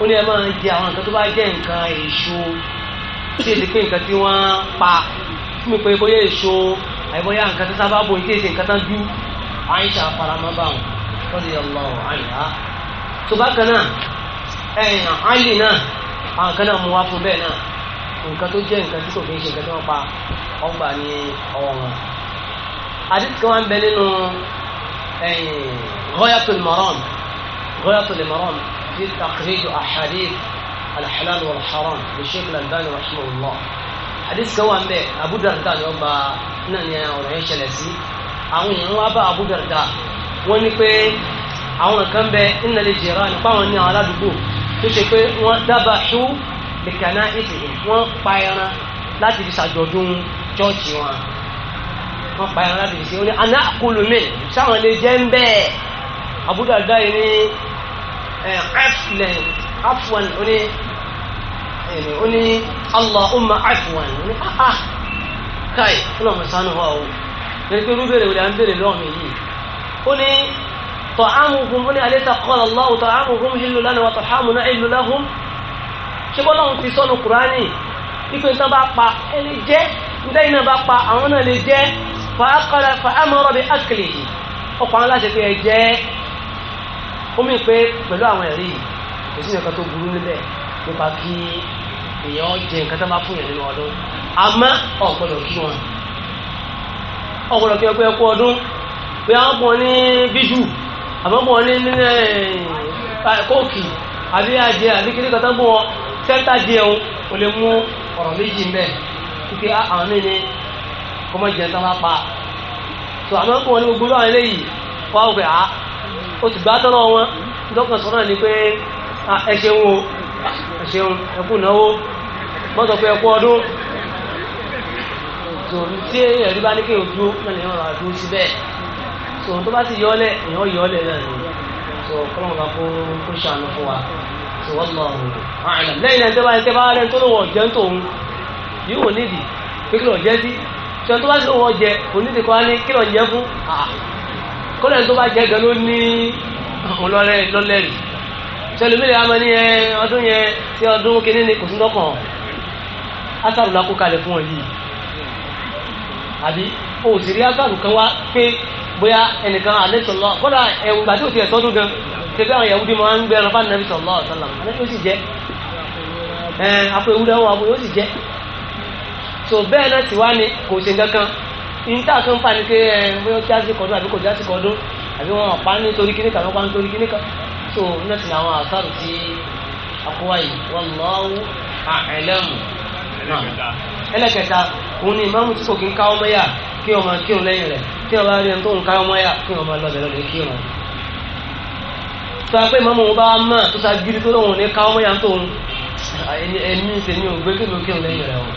S1: ó ní ẹ máa jẹ àwọn nǹkan tó bá jẹ́ nǹkan èso tí èsì pé nǹkan tí wọ́n pa fún mi pé bóyá èso àìbóyá nǹkan tó sábà bò ní tí èsì nǹkan tán dú Aisha faramọ́ báwọn radiyallahu anha tó bá kan náà ẹ̀yìn àìlì náà àwọn kan náà mú wá fún bẹ́ẹ̀ náà nǹkan tó jẹ́ nǹkan tí kò fi ń ṣe nǹkan tí wọ́n pa ọgbà ní ọwọ́ àdìsí kan wá ń bẹ nínú ẹ̀yìn Ghayatul Maram غاية المرام في تقريب أحاديث الحلال والحرام للشيخ الألباني رحمه الله حديث كوا أمبي أبو درداء يوبا نانيا ورعيش لسي àwọn èèyàn wá bá Abu Darda wọ́n ní pé àwọn kan bẹ inna li jiran nípa àwọn ní àwọn aládùúgbò tó ṣe pé wọ́n dábàá ṣú lìkànnà ìsìn wọ́n pa ẹran láti fi ṣàjọ̀dún chọ́ọ̀chì wọn wọ́n pa ẹran láti fi ṣe wọ́n ní anáàkúlùmí sáwọn lè jẹ́ ń bẹ́ẹ̀ Abu Darda yìí ní Eh, afwan afwan oní oní allahumma afwan oní ah káì fúnà mọ̀sánù wa o lẹ́yìn pé rúbẹ̀rẹ̀ wòlé à ń bèrè lọ́wọ́ mi yìí ó ní ta'amuhum ó ní alaysa qala Allahu ta'amuhum hillu lana wa ta'amuna illu lahum ṣé bọ́lá ń fi sọ́nu kùránì ipe tán bá pa ẹni jẹ́ ǹdẹ́yìn náà bá pa àwọn náà lè jẹ́ fàákàrà fàámọ́rọ̀ bí akìlì yìí ọkùnrin aláṣẹ pé ẹ jẹ́ ó mì pé pẹ̀lú àwọn ẹ̀rí yìí kò sí nǹkan tó burú níbẹ̀ nípa kí èèyàn jẹ nǹkan tó bá fún yẹn nínú ọdún àmọ́ ọ̀gbọ́dọ̀ kí wọn ọ̀gbọ́dọ̀ kí wọn pé ẹkú ọdún pé àwọn kan ní bíṣù àmọ́ kan ní kóòkì àbí àjẹ àbí kí nìkan tó bọ̀ wọn tẹ́tà jẹun kò lè mú ọ̀rọ̀ méjì ń bẹ̀ kíkẹ́ àwọn mí ni kọ́mọ tó bá pa tó àmọ́ kan ní gbogbo àwọn eléyìí wọ́n á wọ̀ pé àá ah, ó ti gbá tọ́lọ́ wọn lọ́kàn sọ́nà ni pé ah, ẹ ṣeun o ẹ ṣeun ẹ kú náwó mọ́tò pé ẹ kú ọdún tòun tí ẹ̀rí bá ní kí o dúró náà lèèyàn rà dúró síbẹ̀ tòun tó bá ti yọlẹ̀ èèyàn yọlẹ̀ náà ni tó kọ́lọ́mù bá kó kó ṣàánú fún wa tó wọ́n lọ ọ̀hún àìlẹ̀ lẹ́yìn ẹ̀ńtẹ́ bá ẹ̀ńtẹ́ bá rẹ̀ tó lówó ọ̀jẹ́ ń tòun bá ti lówó ọ̀jẹ́ kò kọ́ á ní kí lọ́ọ̀ jẹ́ fún ah, kọ́nà tó bá jẹ́ gan ló ní ọlọ́rẹ́ lọ́lẹ́rì sẹlẹ̀mílẹ̀ àmọ́ ní ọdún yẹn tí ọdún kìíní ni kò sí lọ́kàn ásàrù la kó kalẹ̀ fún ọ yìí àbí o sì rí ásàrù kan wá pé bóyá ẹnìkan àlẹ́sọ̀lọ́ kọ́nà ẹ̀wù gbà tí ò ti ẹ̀ sọ́dún gan tẹ́gbẹ́ àwọn Yahudi máa ń gbé ẹran fáwọn nàbì sọ̀lọ́ ọ̀sọ́lá àlẹ́ yóò sì jẹ́ ẹ̀ afọ ewúrẹ́ wọn àbúrò yóò sì jẹ́ so bẹ́ẹ̀ náà ti wá ni kò ṣe nǹkan kan níta tó ń fa ni pé ẹ bóyá ó ti àsìkò ọdún àbí kò ti àsìkò ọdún àbí wọn ọ̀pá nítorí kíní kan ọ̀pá nítorí kíní kan tó náà sì ní àwọn àṣàrò tí akọ́wá yìí wallahu a'lam náà ẹlẹ́kẹta òun ni ìmáàmù tí kò kí ń ká ọmọ yà kí ọmọ kí òun lẹ́yìn rẹ̀ kí ọmọ rẹ̀ tó ń ká ọmọ yà kí ọmọ lọ́bẹ̀ lọ́bẹ̀ kí òun. sọ pé ìmáàmù òun bá mọ̀ tó sa gidi tó lóun ní ká ọmọ yà tó ń ẹni ẹni ìṣẹ́ ní òun gbé kí òun lẹ́yìn rẹ̀ òun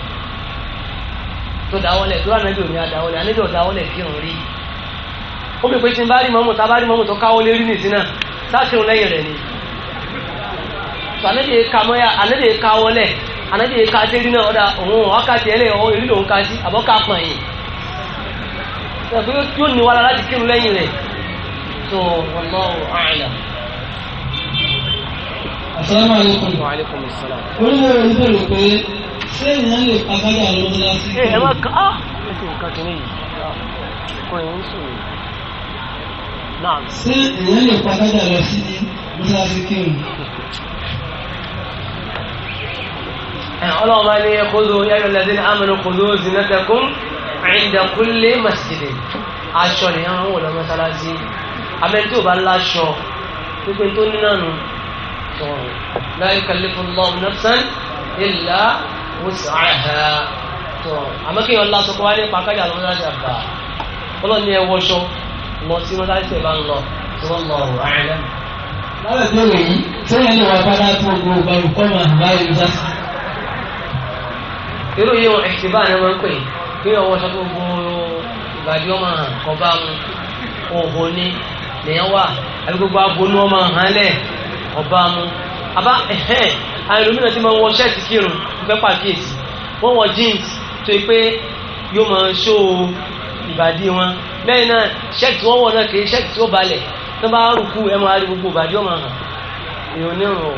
S1: tó dáwọ́lẹ̀ tó ànábì òní àdáwọ́lẹ̀ ànábì ọ̀dáwọ́lẹ̀ kírun rí ó bí pé tí n bá rí mọ́mù tá a bá rí mọ́mù tó káwọ́ lérí nìsín náà sáṣẹun lẹ́yìn rẹ̀ ni ànábì ká mọ́yà ànábì káwọ́lẹ̀ ànábì ká dérí náà ọ̀dà òun wákàtí ẹlẹ́ ọ̀hún èrí lòun ká sí àbọ́ká pọ̀nyìn ẹ̀fọ́ yóò ní wàhálà láti kírun lẹ́yìn rẹ̀ tó wallahu a'lam.
S2: Assalamu alaikum. Wa alaikum assalam ṣé èèyàn lè pàkájà lọ́wọ́ láti. Eh, ẹ ah! ẹ má
S1: kàn á ẹ sì ń kan kìíní yìí
S2: kò ní í sùn yìí. ṣé èèyàn lè pàkájà lọ sí mọ́ṣáláṣí kírun.
S1: Eh, ọlọ́run bá aṣọ nìyẹn wọn wò lọ mọ́ṣáláṣí tí ò bá láṣọ pípé tó ní náà nù. لا يكلف الله نفسا إلا wus'aha tó àmọ́ kí ọlá sọ wá nípa kájà lọ mọ́tàlá ṣàbà ọlọ́run ní ẹwọ́ ṣọ lọ sí mọ́tàlá ṣe bá ń lọ tí wọ́n lọ rọ̀ àìlẹ́.
S2: lábẹ́ tó lè yí sẹ́yìn lè wà bára tó gbogbo ìbáru kọ́ máa bá yóò dá.
S1: irú yìí wọn ẹ̀sìn bá àwọn pè kí ọwọ́ ṣọ gbogbo ìbàdí ọmọ hàn kọ́ bá mu òhò ni lèèyàn wà àbí gbogbo abonú ọmọ hàn lẹ̀ kọ́ bá mu àbá ẹ̀hẹ́n àwọn ẹlòmíràn ti máa ń wọ ṣẹ́ẹ̀tì kírun fẹ́ pàkíyèsí wọ́n wọ jeans tó yẹ pé yóò máa ṣó ìbàdí wọn bẹ́ẹ̀ náà ṣẹ́ẹ̀tì wọ́n wọ̀ náà kì í ṣẹ́ẹ̀tì tó balẹ̀ tó bá rúkú ẹ máa rí gbogbo ìbàdí ọmọ hàn èèyàn onírun ọ̀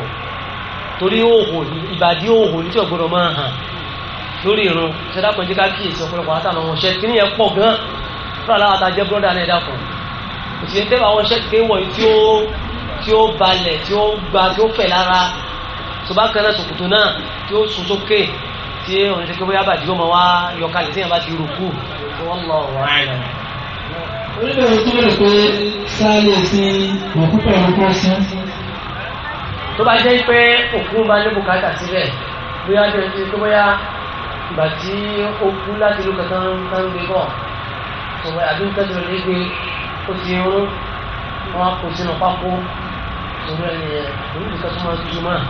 S1: torí òhò ìbàdí òhò ní tí ọ̀gbọ́dọ̀ máa hàn lórí irun ṣẹdá kan jẹ́ ká kíyèsí ọ̀pọ̀lọpọ̀ àtàwọn ọmọ ṣẹ́ẹ̀tì ní ẹ̀ pọ̀ gan fúnra láwọn àtàjẹ́ bọ́dà náà ẹ̀dá kan òṣìṣẹ́ tẹ́lẹ̀ àwọn ṣẹ́ẹ̀tì kéwọ̀ tí ó balẹ̀ tí ó tó bá kan náà sòkòtò náà tí ó sùn sókè tí òun ṣe pé bóyá bàjẹ́ ọmọ wa yọkalẹ̀ tí yẹn bá ti rò kú tó wọ́n lọ wọ́n á lọ.
S2: oníbẹ̀rù tó lè pé sáyé sí òkúta òkú sí.
S1: tó bá jẹ́ pé òkú máa ń lé bùkátà síbẹ̀ bóyá tó ṣe pé bóyá ìgbà tí ó kú láti ló kankan kan gbé bọ̀ sọ̀rọ̀ àbí nǹkan tó lè gbé ó ti rún wọn kò sínú pákó sọ̀rọ̀ ẹ̀ ní ẹ̀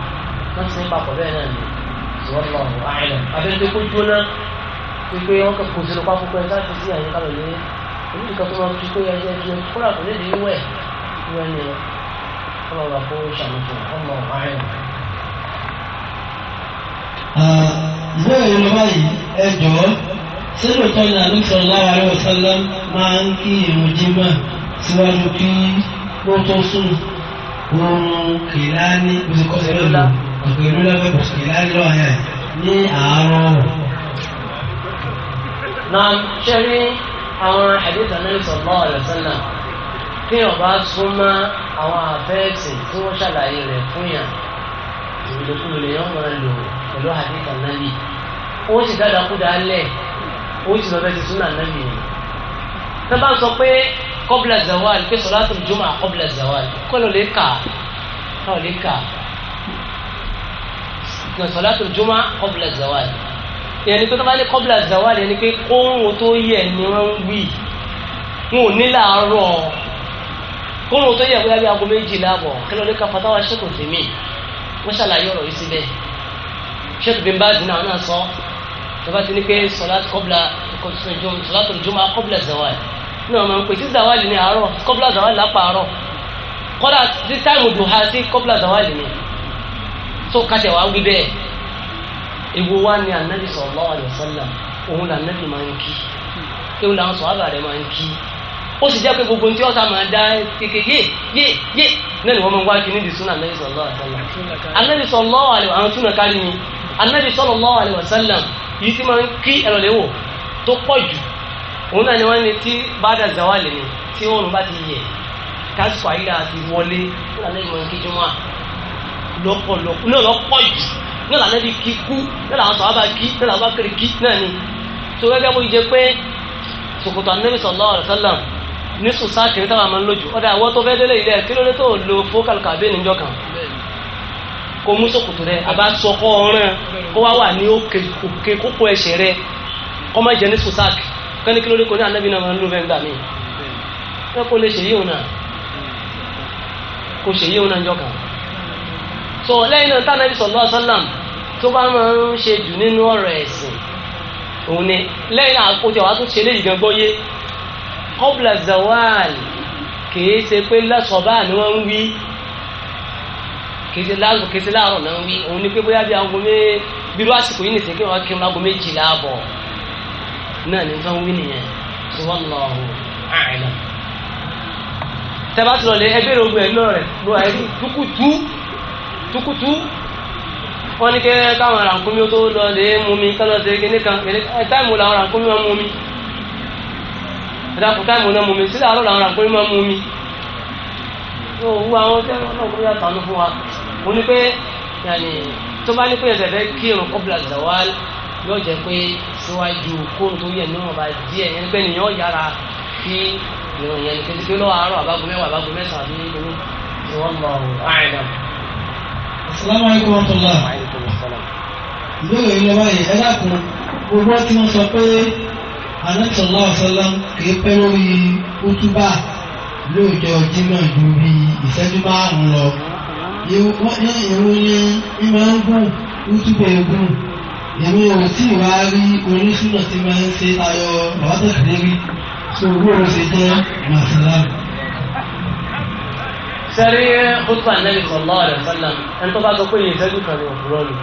S1: wọ́n ti ń papọ̀ bẹ́ẹ̀ náà ni wọ́n lọ ọ̀rọ̀ àìlẹ̀ abẹ́ńdé kó jóná pípé wọ́n kò sínú pápá pẹ́ láti sí àyíká lọ ní oníkan tó máa ń pípé ẹgbẹ́ ẹgbẹ́ kúrò àpò lè ní wẹ̀ ní wọ́n ní
S2: ọlọ́wà kó ṣàmùtò ọmọ ọ̀rọ̀ àìlẹ̀. ìwé ìrìn lọ́wọ́ yìí ẹ jọ̀ọ́ sínú tó ní àlùfẹ́ láwàárí ọ̀sánlá máa ń kí ìrùn jímọ̀ síwájú kí wọ́n tó sùn wọn kìlá ní òsìkọ́sẹ̀ lọ́dún òpèrú lọ́gbẹ̀dọ̀ ìdájọ́ ẹ̀ ní àárọ̀. na ṣe rí
S1: àwọn ẹ̀dẹ́ta náà sọ̀rọ̀ ọ̀yọ̀sánná kí èèyàn bá súnmọ́ àwọn àfẹ́ẹ̀sì tí wọ́n ṣàlàyé rẹ̀ fún yàn ìlòkulò lèèyàn máa lò pẹ̀lú àdéhùn náà yìí ó sì dáadáa kú dáálẹ̀ ó sì lọ́bẹ̀ ti súnà náà yìí. tó bá sọ pé kọ́bùlà zawal pé sọ̀rọ̀ àtúntò jùmọ̀ àkọ́bùlà zawal kọ́ na sọlátù jùmọ̀ kọ́bùlà zawali ìyẹn ni pé tó bá lé kọ́bùlà zawali yẹn ni pé kóhùn tó yẹ ni wọ́n ń wí wọn ò ní làárọ̀ kóhùn tó yẹ bóyá bí aago méjì láàbọ̀ kí ló dé ka fatawa ṣètò tèmi wọ́n ṣàlàyé ọ̀rọ̀ yìí síbẹ̀ ṣètò bí n bá dín náà náà sọ tó bá ti ní pé sọlátù kọ́bùlà sọlátù jùmọ̀ kọ́bùlà zawali náà máa ń pè sí zawali ní àárọ̀ kọ́bùlà zawali lápá àárọ̀ kọ́lá sí táìmù dùn ha tó kàtẹ́ wá wí bẹ́ẹ̀ ewu wa ni anabi sallallahu alaihi wasallam òun là anabi máa ń kí ewu làwọn sọ̀hábà rẹ̀ máa ń kí ó sì jẹ́ pé gbogbo ní tí ọ̀sán máa dá kéke yé yé yé náà ni wọ́n máa ń wájú nídìí súnà anabi sallallahu alaihi wasallam anabi sallallahu alaihi àwọn túnà kárí ni anabi sallallahu alaihi wasallam yìí ti máa ń kí ẹ̀rọ tó pọ̀ jù òun náà ni wọ́n ní tí bàdà zawali ni tí òun bá ti yẹ kásìkò àyíká ti wọlé fúlàlẹ́ ìmọ̀ ìkéjọ́ wọn lọ́pọ̀lọpọ̀ náà lọ́pọ̀ jù náà lànà bí kí kú náà làwọn sọ̀rọ̀ bá kí náà làwọn bá kiri kí náà ni tó gẹ́gẹ́ bó jẹ pé sòkòtò anábì sallallahu alaihi wasallam ní sòsáàkì ní sábà máa ń lójú ọ̀dà àwọn tó fẹ́ délé ilé kí ló dé tó lo fókàl kàbé níjọ kan kò mú sòkòtò rẹ àbá sọkọ ọràn kó wá wà ní òkè kókó ẹsẹ̀ rẹ kó má jẹ ní sòsáàkì kẹ́ni kí ló dé kò ní anábì náà máa ń lò bẹ́ẹ̀ gbà mí ẹ kò lè ṣèyí òun náà kò ṣèyí òun náà níjọ kan so lẹ́yìn náà tánàbí sallallahu alaihi wasallam tó bá máa ń ṣe jù nínú ọ̀rọ̀ ẹ̀sìn òun ni lẹ́yìn náà àkójọ àwọn tó ṣe léyìí gan gbọ́yé qabla zawal kìí ṣe pé lọ́sọ̀ọ́bà ni wọ́n ń wí kìí ṣe láàrọ̀ kìí ṣe láàrọ̀ náà ń wí òun ni pé bóyá bí aago mé bírú àsìkò yìí nìsín kí wọ́n kí wọ́n aago méjìlá àbọ̀ náà ni wọ́n wí nìyẹn tí wọ́n lọ àìlọ́ tẹ́bátìlọ́lẹ̀ ẹgbẹ́ ìrògbò ẹ̀ náà rẹ̀ tukutu wọ́n ní kẹ́ káwọn ràǹkúmí tó lọ lè mú mi kálọ̀ sí kíní kan eh, táìmù làwọn ràǹkúmí máa mú mi ẹ̀dàkùn táìmù náà mú mi sílẹ̀ àárọ̀ làwọn ràǹkúmí máa mú mi tó wú àwọn tẹ́lẹ̀ náà kó yàtọ̀ àánú fún wa mo ní pé yàní tó bá ní pé ẹsẹ̀ fẹ́ kírun kọ́bùlà zawal yóò jẹ́ pé síwájú kóun tó yẹ níwọ̀n bá díẹ̀ yẹn pé nìyẹn yára kí ìròyìn ẹnì kejì pé lọ́wọ́ àárọ̀ àbágun mẹ́wàá àbágun mẹ́sàn-án àbí ìròyìn
S2: ìwọ́n lọ Assalamu alaikum warahmatullah. ìbéèrè ilé báyìí ẹ dákun gbogbo tí wọ́n sọ pé anátọ̀lá ọ̀sọ́lám kìí pẹ́ lórí kútúbà lóòjọ́ jimá ju bí ìṣẹ́jú márùn-ún lọ. ìwọ ni ìmọ̀ ń gùn kútúbà egun èmi ò tí ì wá rí oníṣúná tí máa ń ṣe tayọ bàbá tẹ̀sílérí so owó rẹ̀ ṣe jẹ́ màsálàmù sẹ́rí
S1: kútùbà nẹ́bí sọ̀lọ́ rẹ̀ sọ́lá ẹni tó bá sọ pé ní ìṣẹ́jú kan ní òpùrọ́ ni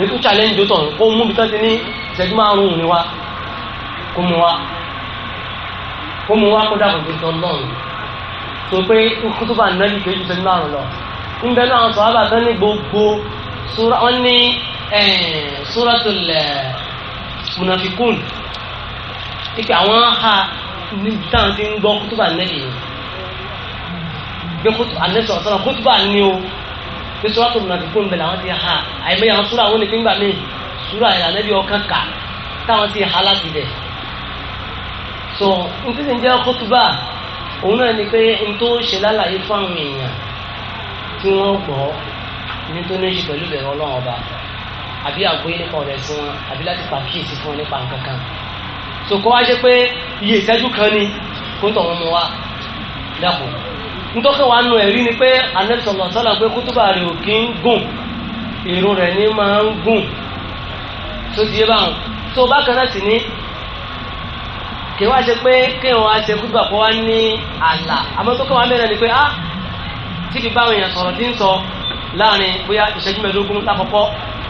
S1: ètò challenge tó ń kó mú bí tán ti ní ìṣẹ́jú márùn-ún ni wá kó mu wá kó mu wá kó dàpọ̀ tó tọ́ lọ́rùn tó pé kútùbà nẹ́bí kejì gbé kótó anẹ́sọ̀ ọ̀sán kótó bá ní o pé sọ́wọ́ tó kó ń bẹ̀rẹ̀ àwọn ti ha àìmọye àwọn súra àwọn onípínpà míì súra ìlànàbí ọkàn kà táwọn ti ha láti bẹ̀. so n tí sì ń jẹ́ bá òun náà ni pé n tó ṣe lálàyé fún àwọn èèyàn tí wọ́n gbọ́ ní tó ní í ṣe pẹ̀lú ìbẹ̀rẹ̀ ọlọ́run ọba àbí àgbóyé nípa ọ̀rẹ́ sí wọn àbí láti pàkíyèsí fún wọn nípa nǹkan kan so kó wá ṣe pé iye ìṣẹ́jú kan ni kó ń tọ̀ wọn mú wa dákun ntọ́kẹ́ wa nù ẹ̀rí ni pé anẹ́sọ̀lọ̀ sọ́là pé kútúbà rẹ̀ ò kí ń gùn irun rẹ̀ ní máa ń gùn tó di báwọn tó bákan náà sì ní kí wá ṣe pé kí wọ́n á ṣe kútúbà kó wá ní àlà àmọ́ tó kọ́ wa mẹ́rin ni pé á ah, tí kì báwọn èèyàn sọ̀rọ̀ tí ń sọ láàrin bóyá ìṣẹ́jú mẹ́ẹ̀ẹ́dógún lákọ̀ọ́kọ́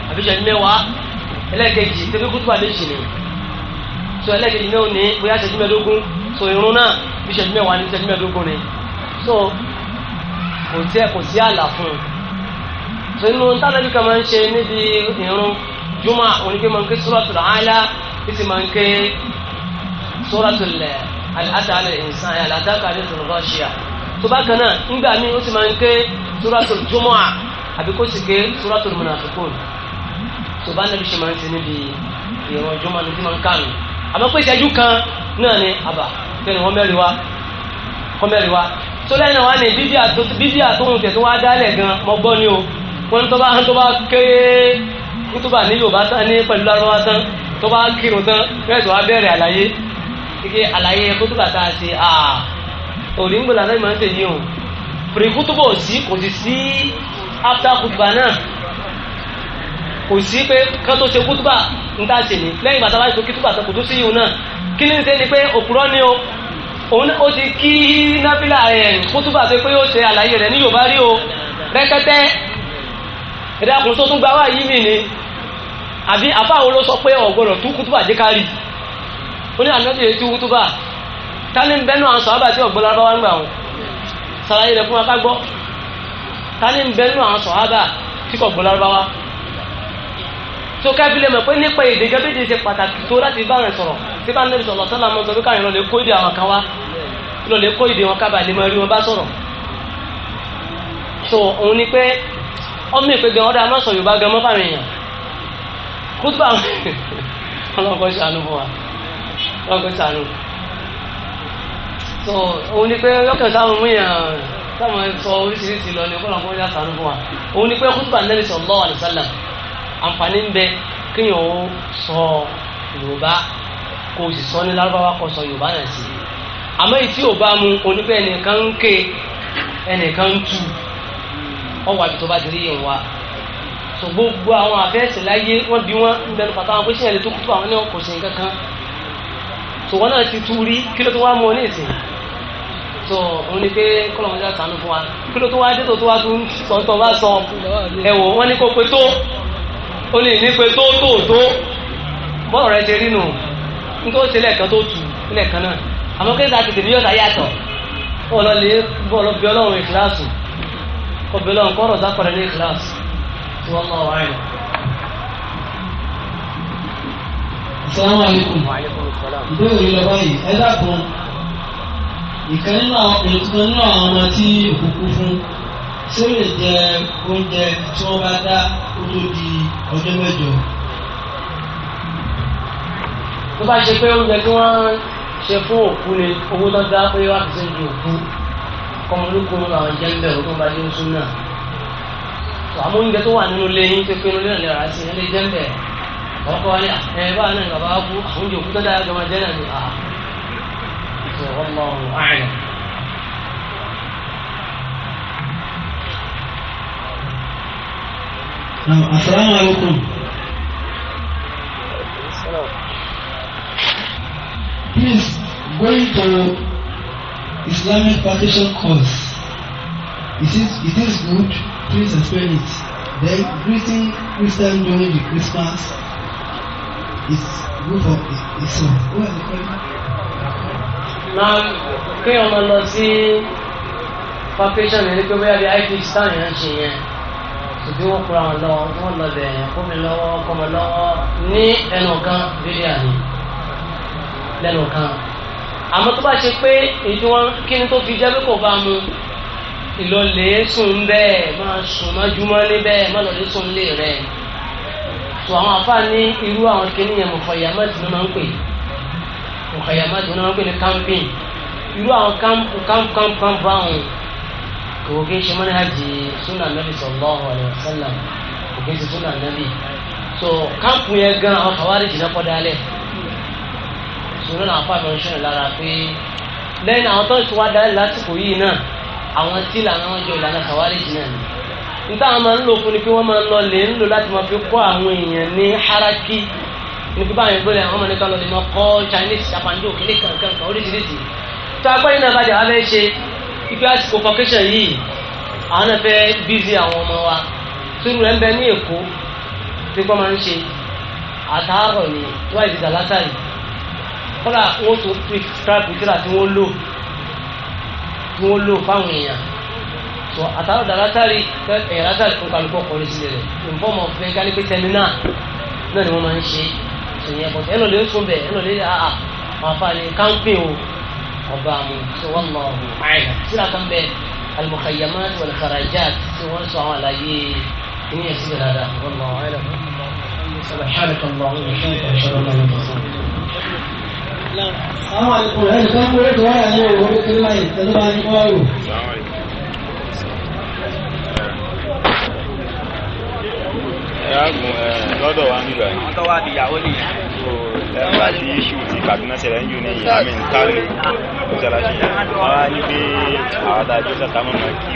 S1: àbí ìṣẹ́jú mẹ́wàá ẹlẹ́ẹ̀kejì tẹ́bí kútúbà lè ṣì ní so ẹlẹ́ẹ̀kejì náà ní bóyá ìṣẹ́jú mẹ́ẹ̀ẹ́dógún so irun náà bí ìṣẹ́jú mẹ́wàá ní ìṣẹ́jú mẹ́ẹ̀ẹ́dógún ni so kò sí kò sí àlà fún un so inú tábìlì kan máa ń ṣe níbi ìrun juma oníke máa ń ké suratul ala títí máa ń ké suratul al-ata ala al-insan al-ataka hadithul ghashiya tó bá kan náà ńgbà míì ó sì máa ń ké suratul juma àbí kó sì ké suratul munafiqun tó bá nàbí ṣe máa ń ṣe níbi ìrun juma níbi máa ń kànú àmọ́ pé ìṣẹ́jú kan náà ni àbà kẹ́ni wọ́n mẹ́rin wá kọ́mẹ́rin wa tó lẹ́yìn náà wá ní bíbí àtòhun tẹ̀ tó wá dálẹ̀ gan mọ́ gbọ́ ni o wọ́n tó bá tó bá ké kútùbà ní yorùbá tán ní pẹ̀lú lárúbá tán tó bá kírun tán bẹ́ẹ̀ tó wá bẹ̀rẹ̀ àlàyé kíkẹ́ àlàyé kútùbà tá a ṣe à òní ń gbọ́dọ̀ àtàwọn máa ń ṣe yìí o pèrè kútùbà ò sí kò sì sí after kútùbà náà kò sí pé kán tó ṣe kútùbà ń tà ṣe ní lẹ́yìn bàtà wáyé tó kí kútùbà tó kò tó sí yìí o náà kí ni ń ṣe ni pé òpùrọ́ ni o òun ó ti kí nábìlà ẹ̀ kútùbà tó pé ó ṣe àlàyé rẹ̀ ní yorùbá rí o rẹ́kẹ́tẹ́ ìdákùn tó tún gba wá yìí mi ni àbí àfáwọn ló sọ pé ọ̀gbọ̀nà tú kútùbà jẹ́ kárì ó ní ànábì ètí kútùbà tani ń bẹnu àwọn sọ̀hábà tí ọ̀gbọ́n lárúbáwá ń gbà wọn sàlàyé rẹ̀ fún wa ká gbọ́ tani ń bẹnu àwọn tí tó kábílẹ̀ mọ̀ pé nípa èdè gẹ́gẹ́ ṣe pàtàkì tó láti bá rẹ̀ sọ̀rọ̀ tí bá nẹ́bí sọ̀rọ̀ sọ́lá mọ́ sọ́dún káyọ̀ lọ́lẹ̀ kó èdè àwọn kan wá lọ́lẹ̀ kó èdè wọn kábà lè mọ rí wọn bá sọ̀rọ̀ so òun ni pé ọmọ ìpè gan ọ̀dà mọ́sọ̀ Yorùbá gan mọ́ fáwọn èèyàn kútùbà ọlọ́kọ̀ ṣàánú fún wa ọlọ́kọ̀ ṣàánú so òun ni pé lọ́kàn sáwọn mú èèyàn sáwọn sọ oríṣiríṣi lọ ní ọlọ́kọ̀ ṣàánú fún wa òun ni pé kútùbà nẹ́bí sọ̀rọ̀ lọ́wọ́ àlùsálàmù àǹfààní ń bẹ kéèyàn ó sọ yorùbá kó o sì sọ ní lárúbáwá kó sọ yorùbá náà sí àmọ́ èyí tí ò bá mu onípẹ́ ẹnìkan ń ké ẹnìkan ń tu ọwọ́ àbí tó bá ti rí yẹn wá so gbogbo àwọn àfẹ́sìn láyé wọ́n bí wọ́n ń bẹnu pàtàkì àwọn pẹ́sìn ẹ̀lẹ́ kútu àwọn náà kò sí nǹkan kan so wọ́n náà ti tu rí kí ló tó wá mú ọ ní ìsìn so òun ni fún wa kí ló tó wá dé tó tó wá tó ń sọ ó lè ní pé tó tó tó bọ́ọ̀ rẹ ti rí nù nítorí ṣe lẹ́ẹ̀kan tó tù lẹ́ẹ̀kan náà àmọ́ kí n ta tètè bí yọ̀ọ̀ta yàtọ̀ bọ́ọ̀lọ́ lè bọ́ọ̀lọ́ bí ọlọ́run kọ́ bí ọlọ́run kọ́rọ̀ ní tí wọ́n wáyé.
S2: ìbéèrè ẹ tí ó lè jẹ oúnjẹ tí wọ́n bá dá ó tó di ọjọ́ mẹ́jọ. tó bá ṣe pé oúnjẹ tí wọ́n
S1: ṣe fún òkú ni owó tó dá pé wọ́n ti sẹ́yìn òkú kọ́mọlúkọ àwọn jẹ́ ń bẹ̀rù tó bá dé oṣù náà. àmọ́ oúnjẹ tó wà nínú ilé yín pé pé lórí ìlera sí ilé jẹ́ ń bẹ̀rù ọkọ ni ẹ bá náà ní bàbá kú àwọn oúnjẹ òkú tó dára gan-an jẹ́ náà ni àà.
S2: Assalamu alaikum. Please, going to Islamic partition course. is, it is this good. Please explain it. Then greeting Christian during the Christmas is good for it's all. What are you calling?
S1: Máa kéèyàn máa lọ sí vacation ẹni pé bóyá bí IPC táwọn èèyàn ń ṣe yẹn òbí wọn kura wọn lọ wọn lọ bẹ ẹyàn lọ́wọ́ kọmi lọ́wọ́ ní ẹnu kan bíríà ni lẹ́nu kan àmọ́ tó bá ṣe pé èdè wọn kí ni tó fi jẹ́ pé kò bá mu ìlọlẹ̀ sùn bẹ́ẹ̀ máa sùn májúmọ́ níbẹ̀ má lọ́lẹ̀ sùn lé rẹ̀ tó àwọn afáà ní irú àwọn kìnìyàn mọ̀fọ̀yàmọ́tì ló máa ń pè mọ̀fọ̀yàmọ́tì ló máa ń pè ní kámpìn irú àwọn kámp kámp kámp kámp báwọn kò kí ṣe manhaji súnà nàbì sallallahu alaihi wasallam kò kí ṣe súnà nàbì so káàpù yẹn gan àwọn kàwárí jìnnà kọ́ dálẹ̀ sùnú náà fà mí ṣẹlẹ̀ lára pé lẹ́yìn àwọn tó ń ti wá dálẹ̀ lásìkò yìí náà àwọn tí làwọn jọ ìlànà kàwárí jìnnà ni níta àwọn máa ń lò fún ni pé wọ́n máa ń lọ lè ń lò láti máa fi kọ́ àwọn èèyàn ní haraki ní pípa àwọn ìgbélé àwọn ọmọdé kan lọ Chinese japanese òkèlè kankan kan oríṣiríṣi tó agbẹ́yìn náà bàjẹ́ wá fẹ́ ibi àsìkò vacation yìí àwọn náà fẹ́ bízí àwọn ọmọ wa sórí rẹ̀ ń bẹ ní èkó tí wọ́n máa ń ṣe àtàárọ̀ ni wọ́n ti dà látàrí kọ́lá wọ́n tún prescribe tíra tí wọ́n lò tí wọ́n lò fáwọn èèyàn tó àtàárọ̀ dà látàrí ẹ̀yà látàrí fún kálukọ́ kọ́lé sílẹ̀ rẹ̀ nǹkan fẹ́ kálí pé tẹ́mínà náà ni wọ́n máa ń ṣe ìṣòyìn ẹ̀kọ́ ẹ̀nà lè ń sún bẹ̀ ẹ̀nà lè ọba mu sọ wọn lọ ọhún àìlà síra kan bẹ alimọkàyàmá wàlùkàràjà tí wọn sọ àwọn àlàyé ní ẹsẹ dada wọn lọ àìlà
S2: سبحانك اللهم وبحمدك yàgùn ẹ lọ́dọ̀ wa nílò ẹ̀. àwọn tó wá ìyàwó nìyẹn. ẹ má ti iṣu ti Kaduna ṣẹlẹ̀ ń ní yìí àmì ń kálù mọ́ṣáláṣí yẹn. wọ́n á ní pé àwọn adájọ́ sàtámọ̀ máa kí